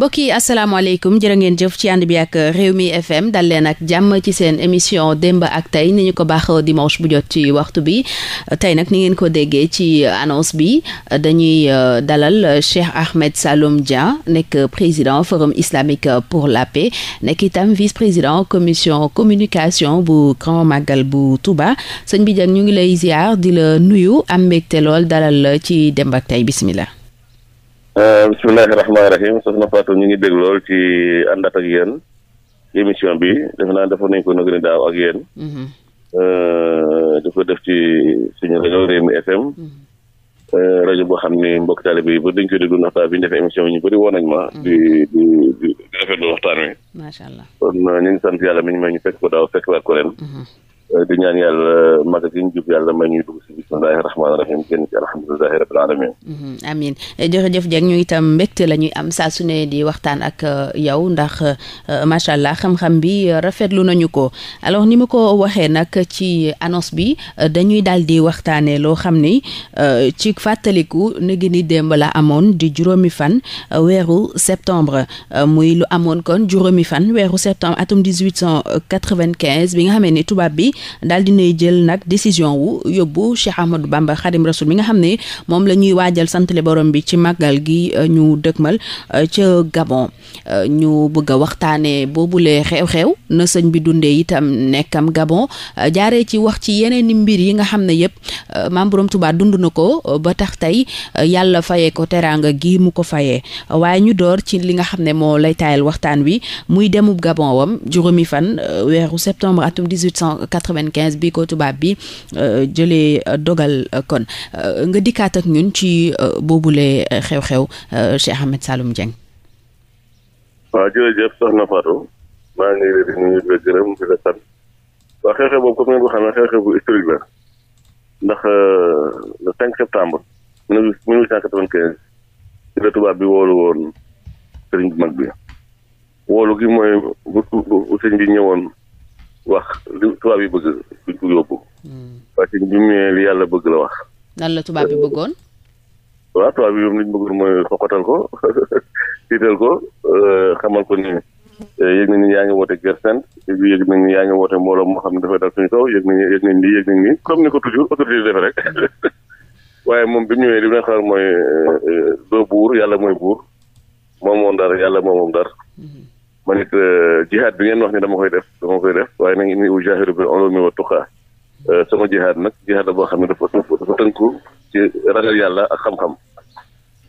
mbokk yi asalaamaaleykum jërë ngeen jëf ci ànd bi ak Rewmi FM dal leen ak jàmm ci seen émission démb ak tey ni ñu ko baaxoo dimanche bu jot ci waxtu bi tey nag ni ngeen ko déggee ci annonce bi dañuy euh, dalal Cheikh Ahmed salom Dieng nekk président forum islamique pour la nekk itam vice président commission communication bu grand màggal bu Touba sëñ bi Dieng ñu ngi lay ziar di la nuyu am mbégte lool dalal ci démb ak tey bismillah Euh, bisimilahi rahmaani rahim soxna Fatou ñu ngi dégg lool ci àndaat ak yéen émission bi defe naa defoon nañu ko nag daaw ak yéen. Mhm. Euh, di ko def ci suñu rajo Rewmi euh, rajo boo xam ne mbok taalibe bi ba dañ koy déglu waxtaan bi ñu defee émission bi ñu bëri woon nañ ma. Mhm. di di di rafetlu waxtaan wi. macha allah kon ñu ngi sant yàlla mi ñu may ñu fekk ko daaw fekk waat ko ren. Mhm. Euh, di ñaan yàlla euh, magasin jub yàlla may ñuy dugg si bismillahi rahmaani rahim génn ci alhamdulilahi rabbil alamin mhm, amin eh, jërëjëf jeg ñu itam mbégte la ñuy am saa su ne di waxtaan ak euh, yow ndax macha allah xam-xam bi rafetlu nañu ko alors ni ma ko waxee nag ci annonce bi dañuy daal di waxtaanee loo xam ni ci fàttaliku ni gi ni démb la amoon di juróomi fan weeru septembre muy lu amoon kon juróomi fan weeru septembre atum 1895 bi nga xamee ni tubaab bi daal dinay jël nag décision wu yóbbu Cheikh Ahmadou Bamba Khadim Rasoul mi nga xam ne moom la ñuy waajal santale borom bi ci màggal gi euh, ñu dëgmal euh, ca Gabon euh, ñu bëgg a waxtaanee boobulee xew-xew na sëñ bi dundee itam nekkam Gabon jaaree ci wax ci yeneen i mbir yi nga xam ne yëpp maam borom Tuubaa dund na ko ba tax tey yàlla fayee ko teraanga gi mu ko fayee waaye ñu door ci li nga xam ne moo lay taayal waxtaan wi muy demub Gabon wam juróomi fan weeru septembre atum quatre-vingt-quinze bi ko tubaab bi euh, jëlee euh, dogal euh, kon nga dikkaat ak ñun ci boobule xew-xew Cheikh Ahmed Saloum Dieng. waaw jërëjëf soxna Fatou maa ngi leen di nuyu di la gërëm di la xew-xew boobu comme ni nga ko bu historique la ndax le cinq septembre quinze ci tubaab bi woolu woon mag bi woolu gi mooy bu sëriñ ñëwoon wax li tubaab yi bëgg duñ ko yóbbu. Hmm. parce que bi mu nee li yàlla bëgg la wax. nan la tubaab yi euh, bëggoon. waaw tubaab yi moom li ñu bëggoon mooy xoqatal ko tiital ko euh, xamal ko ni euh, yëg nañ yaa ngi woote guerre sainte yëg nañ yaa ngi woote mbooloo moo xam ne dafay dal suñu kaw yëg nañ yëg nii comme ni ko toujours autorité yi rek waaye moom bi ñëwee li mu leen xamal mooy doo buur yàlla mooy buur moom moom dara yàlla moom moom dara. Hmm. man it euh, jihaad bi ngeen wax ne dama koy def dama koy def waaye nag inni ujaahidu bil ulumi wa tuqaa euh, sama jihaad nag jihaad la boo xam ne dafa dafa tënku ci ragal yàlla ak xam-xam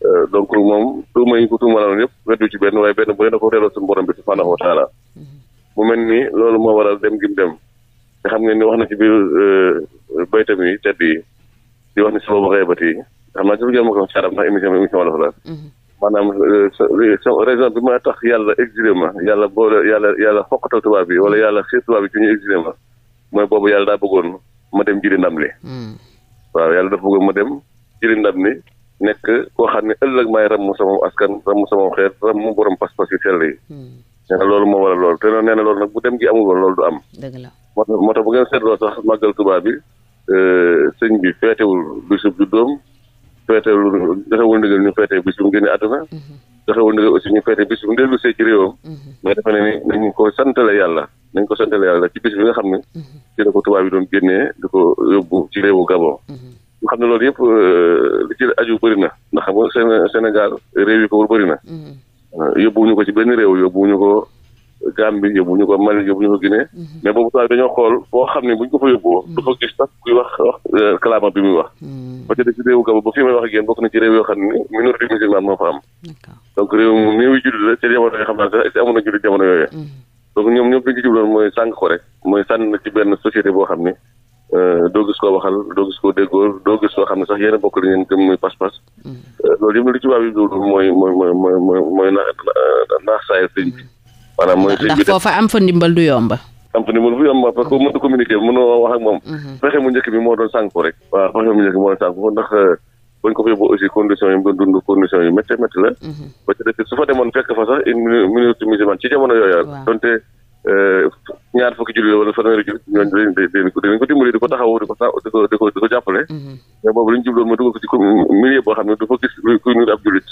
euh, donc moom tuuma yi ñu ko tuumaloon yëpp weddu ci benn waaye benn bu ne da ko delloo suñu bi subhaanahu wa mhm. mu mel ni loolu moo waral dem gim dem te xam ngeen ni wax na ci biir baytam yi tedd yi di wax ni suba ba xeebati xam naa ci lu jëm ma ko caaram ndax bi maanaam euh, raison bi ma tax yàlla exilé ma yàlla boole yàlla yàlla xoqatal tubaab bi wala yàlla xiir tubaab bi ci ñu exilé ma mooy boobu yàlla daa bëggoon ma dem jëli ndam li hmm. waaw yàlla dafa bëggoon ma dem jëli ndam li nekk koo xam ne ëllëg maay ramm sama askan ramm sama xeet ramm borom pas-pas yu sell yi hmm. nee na loolu moo waral loolu te nee na loolu nag bu dem gi amul woon du am moo tax bu ngeen seetloo sax màggal tubaab bi euh, sëñ bi feetewul du feeteelu joxewul ndigal ñu feetee bis bu mu génne àdduna mhm. joxewul ndigal aussi ñu feetee bis bu mu dellu see ci réewam mhm. mais dafa ne ni nañu ko santale yàlla nañ ko santale yàlla ci bis bi nga xam ne mhm. ci la ko tubaab yi doon génnee di ko yóbbu ci réewu Gabon euh, na ndax xam nga Sénégal réew yi ko wër bëri na euh, yóbbuwuñu ko ci benn réew yóbbuwuñu ko Gambie yóbbu ñu ko Mali yóbbu ñu ko Guinée. Mhm. mais boobu saa xool foo xam ne bu ko fa yóbboo. Mhm. du fa gis sax kuy wax wax euh, kalaama bi muy wax. Mhm. ba ci des ci réewu Gabon ba fi may wax ak yéen xam ne ne sax amoon na jullit jamono yooyu. donc ñoom ñoom li ñu jubloon mooy sànq ko rek mooy sànn ci benn société boo xam ni euh, doo gis koo waxal doo gis koo déggoo doo gis koo xam ne sax yéen a bokk li ngeen gëm muy pas euh, loolu yëpp li ci waa bi jublu mooy mooy mooy mooy mooy naax saayal sëñ bi maanaam mooy sëñ bi ndax foofa am fa ndimbal du yomba am fa ndimbal du yomba parce que mënut a communiquer mënoo moom fexe mhm. mu njëkk bi moo doon sànku rek euh, ko fa yóbbu aussi condition yi yi métti métti la mhm. ba ci dëkk su fa demoon fekk fa sax une minorité musulmane ci jamono yooyu donte euh, ñaar fukki julli wala fanweeri julli ñooñu dañ ko di di di ko di di ko jàppale mhm. mais boobu li ñu jubloon ma dugal ko ci milieu boo xam ne du fa gis kuy nuru ab jullit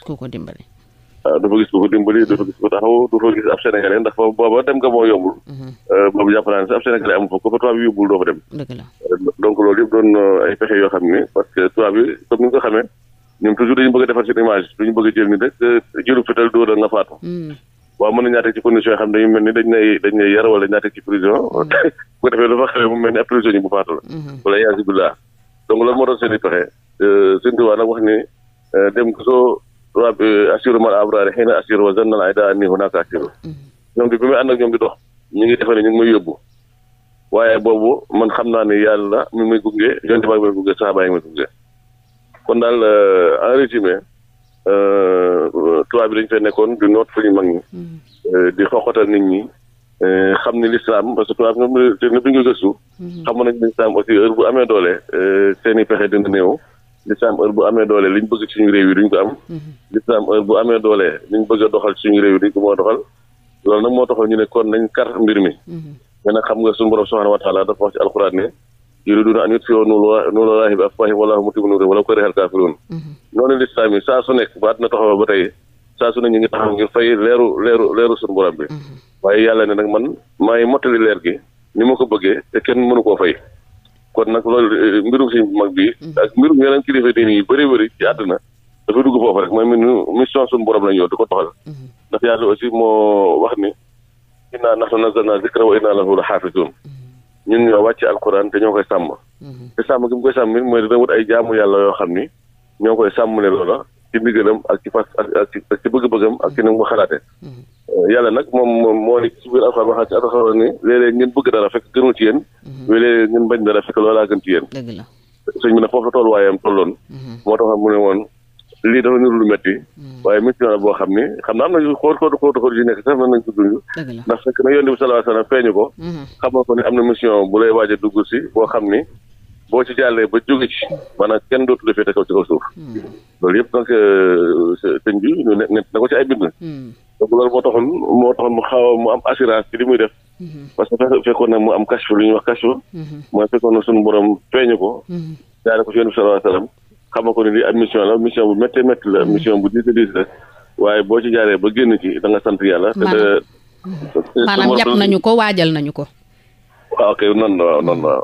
waaw ah, du fa gis ku ko dimbali du fa gis ku taxaw du fa gis ab sénégalais ndax fa booba dem nga moo yombul mhm. ah, boobu jàpp naa ab sénégalais amu fa ko fa tubaab bi yóbbul doo fa dem donc loolu yëpp doon ay pexe yoo a a nag wax ni euh, dem ko soo tubaab assur man abraari xëy na assur wa zanna ay daa nii hunaaka assur mm-hmm. ñoom di bi may ànd ak ñoom di dox ñu ngi defee ñu ngi may yóbbu waaye boobu man xam naa ni yàlla mi may gunge yonent ba may gunge saxaaba yi may gunge kon daal euh, en résumé euh, tubaab bi dañu fee nekkoon di noot fu ñu mag ñi mm-hmm. euh, di xoqatal nit ñi xam ni lislaam parce que tubaab ñoom ñëpp ngi gëstu. Mm-hmm. xam nañ lislaam aussi heure bu amee doole seen i pexe dina néew. lislaam heure bu amee doole liñ bëgg suñu réew yi duñ ko am. Mhm. lislaam heure bu amee doole liñ bëgg a doxal suñu réew yi duñ ko moo doxal loolu nag moo taxoon ñu ne kon nañ kar mbir mi. mais mhm. nag xam nga suñu borom subhaanahu wa taala dafa wax ci alxuraan ne yuriduuna an yutfi'u nuurallaahi bi afwaahihim wallaahu mhm. su nekk ba ba tey saa su ne ñu ngi taxaw ngir fay leeru leeru leeru suñu borom bi. waaye yàlla ne nag man maay mottali leer gi ni ma ko bëggee te kenn mënu koo fay kon nag loolu eh, mbirum si bu mag bi mhm. ak mbirum yeneen kilifa diine yi bëri bëri ci àdduna dafa dugg foofu rek mooy minu mission suñu borom la ñëw di ko doxal mhm. ndax yàlla aussi moo wax ni inna nahnu nazzalna zikra wa inna lahu la xaafisuun mhm. ñun ñoo wàcc alquran te ñoo koy sàmm te sàmm gi koy sàmm it mooy dina wut ay jaamu yàlla yoo xam ni ñoo koy sàmm ne loola ci ndigalam ak ci fas ak ci ak ci bëgg-bëggam ak ci ni mu xalaatee mm-hmm. yàlla nag moom moom moo ne ci biir alxuraan waxaat ci ataxaroon ni léeg-léeg ngeen bëgg dara fekk gënul ci yéen mm-hmm. léeg-léeg ngeen a dara fekk loolaa gën ci yéen sëñ bi nag foofu la tolluwaayam tolloon mm-hmm. moo tax mu ne woon lii dafa niru lu metti waaye mission la boo xam ni xam na am nañu xóor xóor xóor xóor nekk sax mën nañ ko dund ndax fekk na yonent bi sallallahu feeñu ko xamal ko ni am na mission bu lay waaj a si boo boo ci jàllee ba jóge ci maanaam kenn dootu la féete kaw ci kaw suuf hmm. loolu yëpp donc euh, sëñ bi ñu ne ko ci ay bind hmm. donc loolu moo taxoon moo taxoon mu xaw mu am assurance ci li muy def hmm. parce que fekkoon na mu am kashfu lu ñu wax kashfu mooy fekkoon na suñu borom feeñu ko jaare ko ci yéen bi sallallahu alayhi wasallam xamal ko ni lii ab mission la mission bu méttee métti la mission bu diis a la waaye boo ci jaaree ba génn ci da nga yàlla maanaam yàpp nañu ko waajal nañu ko waaw ah, kay noonu la noonu la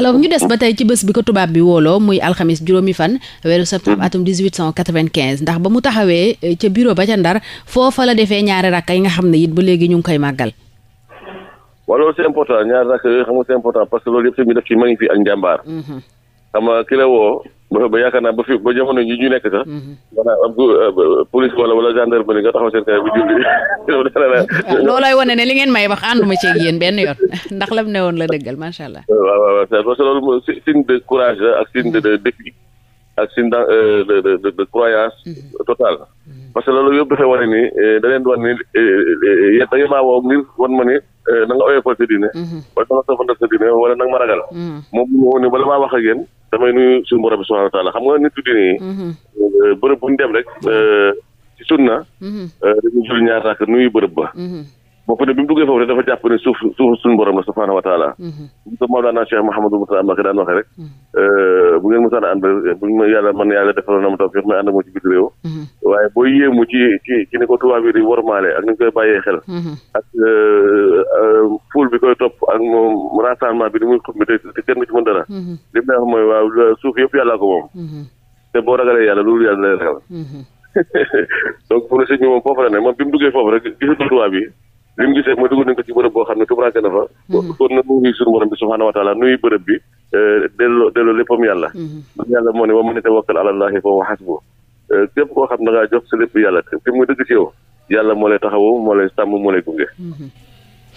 alors ñu des ba tey ci bés bi ko tubaab bi wooloo muy alxamis juróomi fan weeru septembre atum 1895 ndax ba mu taxawee eh, ca bureau ba ca ndar foofa la defee ñaari rakka yi nga xam ne it ba léegi ñu ngi koy màggal waaw loolu c'est important ñaari rakka yooyu xam nga c'est parce que loolu yëpp tamit daf ci magnifique ak njàmbaar mhm. xam nga woo ba ba yaakaar naa ba fi ba jamono yi ñu nekk sax. Mhm. maanaam am police wala wala gendarmerie nga taxaw seen kër bu julli. loolooy ah, wane ne li ngeen may wax ànduma ci ak benn yoon ndax lam ne woon la dëggal macha allah. waaw waaw parce que de courage la ak de défi ak signe euh, de de de mhm. Mhm. parce que loolu yëpp dafay wane ni euh, da leen wan ni euh, yéen da a maa woo ngir ma ni na nga oyofal sa diine. wala sama soxna sa diine ragal. moom mu ne bala maa wax ak yéen. damay nuyu suñu borom subhanahu wa taala xam nga nit ku diine mhm. euh, bërëb bu dem rek euh, ci sunna mhm. euh, dañu jul ñaar rakk nuyu bërëb ba mhm. bopp ne bi mu duggee foofu rek dafa jàpp ne suuf suuf suñu borom la subhaanahu wa taala so mhm. Mawlaana Cheikh Mouhamadou Moussa Mbacké daan waxee rek mhm. euh, bu ngeen mosaan ànd bu ma yàlla man yàlla defaloon na ma taw may ànd moo ci biti réew mhm. waaye boo yéemu ci ci ci ni ko tubaab yi di wormaale ak ni koy bàyyee xel ak euh, euh, foule bi koy topp ak moom rassemblement bi ni muy xub mi te te kenn ci mën dara li mu wax mooy waaw suuf yëpp yàllaa ko moom te boo ragalee yàlla ragal li mu gisee mooy dugg nañ ko ci bërëb boo xam ne tumuranke na fa kon mhm. na nuyu suñu borom bi subhaanahu wa taala nuyu bërëb bi euh, delloo delloo léppam yàlla mhm. yàlla moo ne wa man tawakkal ala llaahi fa huwa hasbuh euh, képp koo xam ne da ngaa jox sa lépp yàlla fi mu dëgg si yow yàlla moo lay taxawu moo lay sàmm moo lay gunge mhm.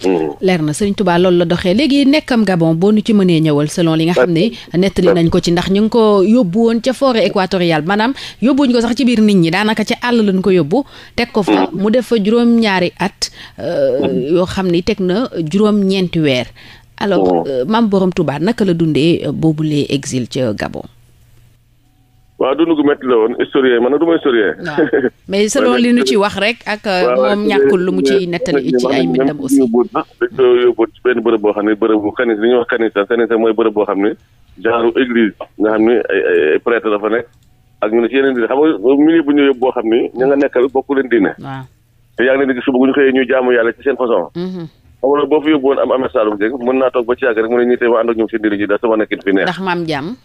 Mm. leer na sëriñ Touba loolu la doxee léegi nekkam Gabon boo nu ci mënee ñëwal selon li nga xam ne nettali nañ ko ci ndax ñu ngi ko yóbbu woon ca forêt équatoriale maanaam yóbbuñ ko sax ci biir nit ñi daanaka ca àll lañ ko yóbbu teg ko fa mm. mu def fa juróom-ñaari at euh, mm. yoo xam ni teg na juróom-ñeenti weer alors euh, maam Borom Touba naka la dundee boobu boobule exil ca Gabon waaw dund gu métti la woon historien man du ma historien. waaw mais selon li nu ci wax rek ak. moom ñàkkul lu mu ci nettali ci ay mbindam aussi. dañ yóbbu benn bërëb boo xam ne bërëb bu kanisa li ñuy wax kanisa kanisa mooy bërëb boo xam ne genre église nga xam ne ay ay prêtre dafa nekk ak ñu ne ci yeneen diine xam nga milieu bu ñu yóbbu boo xam ne ña nga nekkal bokku leen diine. te yaa ngi leen di gis suba bu ñu xëyee ñuy jaamu yàlla ci seen façon. Mhm. xam nga boo fi ndax maam jàmm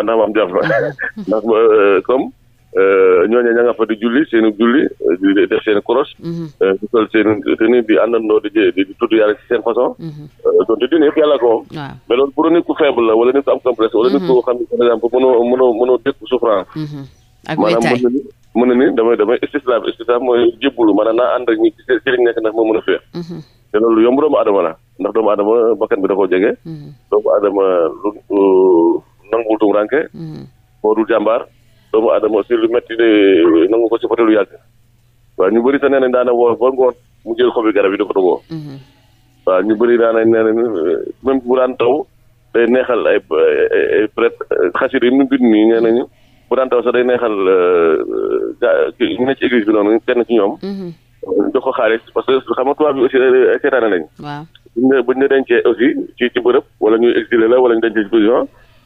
ndax maam jàpp ndax euh, comme euh, ñooñu ña nga fa di julli seen julli di def seen koros. Mhm. Euh, di sol seen tenue di àndandoo di di tudd yàlla ci seen façon. Mhm. donte dina yëpp yàlla ko moom. mais loolu pour nit ku faible la wala nit ku am complexe. wala nit ku mhm. xam ne par exemple mënoo mënoo mënoo dékku souffrance. ak a doomu aadama la ndax doomu aadama bakkan bi da koo jege. doomu aadama lu. nanguwul tumuranke moo dul jàmbaar doomu aadama aussi lu metti de nangu ko si côté lu yàgg waaw ñu bëri sax nee nañ daana woo ba ngoon mu jël xobi garab yi di ko dogoo waaw ñu bëri daana nee nañ bu daan taw day neexal ay ay presque xasida yi mu bind nii nee nañu bu daan taw sax day neexal euh, ñu ne ci église bi noonu kenn ci ñoom jox ko xaalis parce que xam nga tubaab bi aussi seetaane lañ buñ la buñ dencee aussi ci bërëb wala ñuy exilé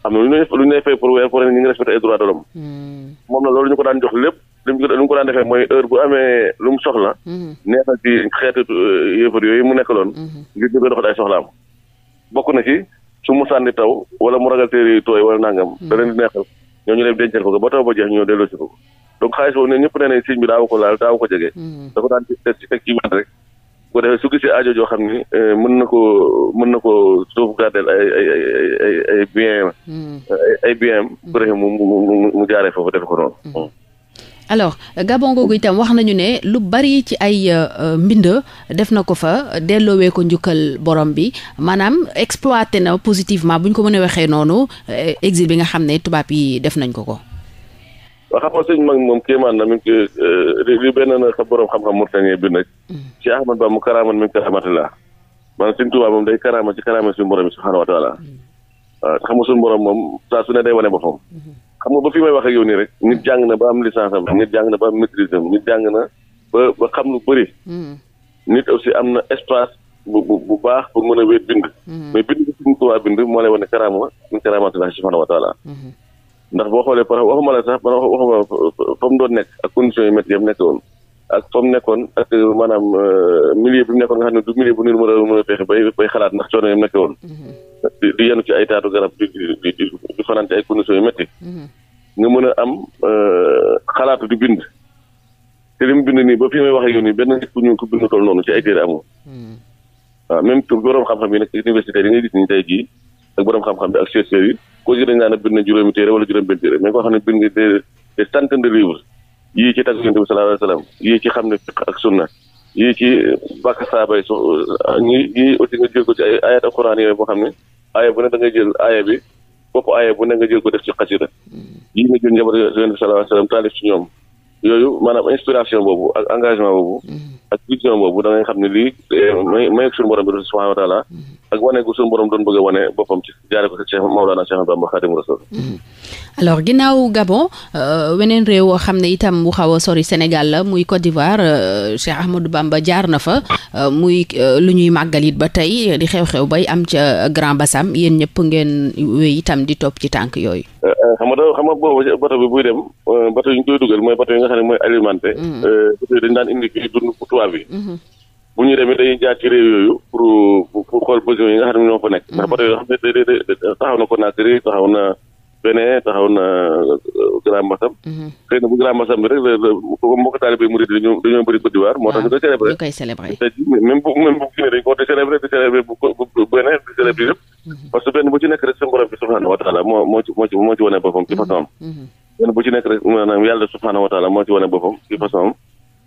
am na lu ñu lu ñu fay pour weer pour ñu ngi respecté ay droits hmm. moom na loolu ñu ko daan jox lépp li mu ko daan defee mooy heure bu amee lu mu soxla hmm. neexal ci xeetu euh, yëfar yooyu mu nekk loon hmm. ngir di ko doxal soxlaam bokk na ci su mu sànni taw wala mu ragal téere yu tooy wala nangam da leen di neexal ñoo ñu dem dencal ko ba taw ba jeex ñu delloo si ko donc xaalis boobu ne ñëpp nee nañ siñ bi daaw ko laal daaw ko jege da ko daan ci teg rek ko defee su gisee aajo xam ne eh, mën na ko mën na ko sauvegardeel ay ay ay ay ay bien hmm. ay bien bu ko defee mu mu mu jaaree foofu def ko noonu. Hmm. alors Gabon googu itam wax nañu ne lu bari ci ay euh, euh, mbind def na ko fa delloowee ko njukkal borom bi maanaam exploité na positivement buñ ko mënee waxee noonu eh, exil bi nga xam ne tubaab yi def nañ ko ko. waa xam nga sëñ mag moom kéemaan na mi ngi eh, li benn na sa borom xam-xam murtañee bi nag mm. ci Ahmad Ba mu karaaman min karaamatillah maanaam sëñ Tuubaa moom day karaama ci karaama suñu borom bi subhaanahu wa taala waaw mm. ah, xam nga suñu borom moom saa su day wane boppam mm-hmm. xam ba fi may wax ak yow nii rek nit jàng na ba am licence am nit jàng na ba am maîtrise am nit jàng na ba ba xam lu bëri mm. nit aussi am na espace bu bu baax pour mën a wéet bind mais bind suñu Tuubaa bind moo lay wane karaama min karaamatillah subhaanahu wa taala mm-hmm. ndax boo xoolee par waxuma la sax par waxuma fa doon nekk ak condition yu métti yam nekk woon ak fa mu nekkoon ak euh, maanaam euh, milieu bi mu nekkoon nga xam ne du milieu bu nit mën a mën a fexe bay bay xalaat ndax coono yam nekk mhm. ci ay taatu garab di di di fanaan ci mhm. nga mën a am euh, xalaatu di bind te li mu bind nii ba fi may waxee yow nii benn nit ku ñu ko bind toll noonu ci ay téere amul mhm. waaw même borom xam-xam yi nag université yi ngay gis nii tey jii ak borom xam-xam bi ak chercheurs yi ko ci dañ a bind na juróomi téere wala juróom benn téere mais koo xam ne bind des des de livres yii ci tagg yonent bi sallallahu ci xam ne fiq ak sunna yi ci bàkk saabay so ñi yii aussi nga jël ci ay ayat ak quran boo xam ne aaya bu da nga jël aaya bi bopp aaya bu ne nga jël ko def ci xasida hmm. yii nga jël njabar yonent bi sallallahu alayhi wa sallam taalif ci ñoom yooyu maanaam inspiration boobu ak engagement boobu mm-hmm. ak vision da xam ne lii eh, may may suñu borom bi subhanahu wa taala mm-hmm. ak wane ko suñu borom doon bëgg a wane boppam ci jaare ko Cheikh Maulana Cheikh Bamba Khadimu Rasul mm-hmm. alors ginnaaw euh, weneen réew woo xam ne itam bu xaw a sori Sénégal muy Côte d'Ivoire euh, Cheikh Ahmadou Bamba jaar na fa euh, muy lu ñuy màggal ba tey di xew-xew bay am ca Grand Bassam yéen ñëpp ngeen wéy itam di topp ci tànk yooyu nga xam ne mooy alimenté. Mm-hmm. Euh, parce dañ daan indi kii dund pour tubaab bi. Mm-hmm. bu ñu demee dañuy jaar ci réew yooyu pour pour xool besoin yi nga xam ne ñoo fa nekk. Mm-hmm. ndax bateau yoo xam ne day day taxaw na Conakry taxaw na Benin taxaw na euh, Grand Massam. xëy na bu Grand Massam bi rek la la mbokk taalibe bi mu di dañoo dañoo Côte d'Ivoire. moo tax ñu koy ah, célébrer ñu koy célébrer. même bu moo moo moo ci moo ci wane ci façon am. wa taala ci wane boppam ci façon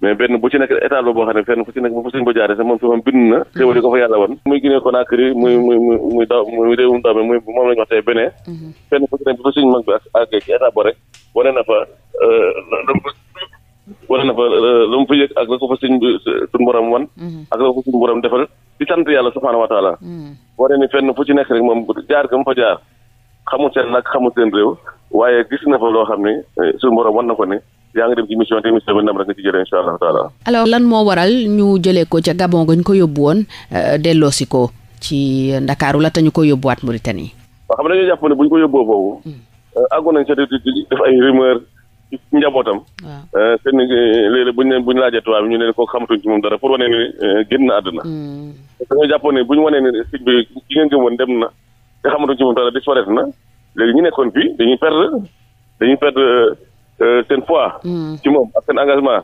mais benn bu ci nekk état la boo xam ne fenn fu ci nekk bu fa sëñ ba jaaree sax moom fi moom bind na xéwal yi ko fa yàlla woon muy Guinée Conakry muy la ñu wax tey benee mhm. nekk bu fa sëñ mag bi ak àggee ci état bo rek wane na fa euh, wane na fa euh, lu mu fa yëg ak la ko fa sëñ suñ borom wan mhm. ak la ko fa suñ borom defal di sant yàlla subhaanahu wa mhm. wane ni fenn fu ci nekk rek moom jaar ga mu fa jaar xamu seen nag xamu seen réew waaye gis na fa loo xam ne eh, suñu borom wan na ko ne yaa ngi dem ci mission te mission bi ndam rek nga ci jëlee incha allahu taala. alors lan moo waral ñu jëlee ko ca Gabon gañ ko yóbbu woon eh, delloosi ko ci Ndakaaru la te ñu ko yóbbuwaat Mauritanie. waaw xam nga dañoo jàpp ko yóbboo foofu. Mm. Eh, àggoon nañ sa ay rumeur njabootam. waaw bu ñu leen bu ñu laajee tubaab ñu ne ko xamatuñ ci moom dara pour wane ne génn na àdduna. Mm. dañoo jàppoon ne bu ñu wanee ne sëñ bi ki ngeen gëm na te xamatuñ ci moom dara disparaître na léegi ñu nekkoon fii dañuy perdre dañuy perdre seen foi. ci moom ak seen engagement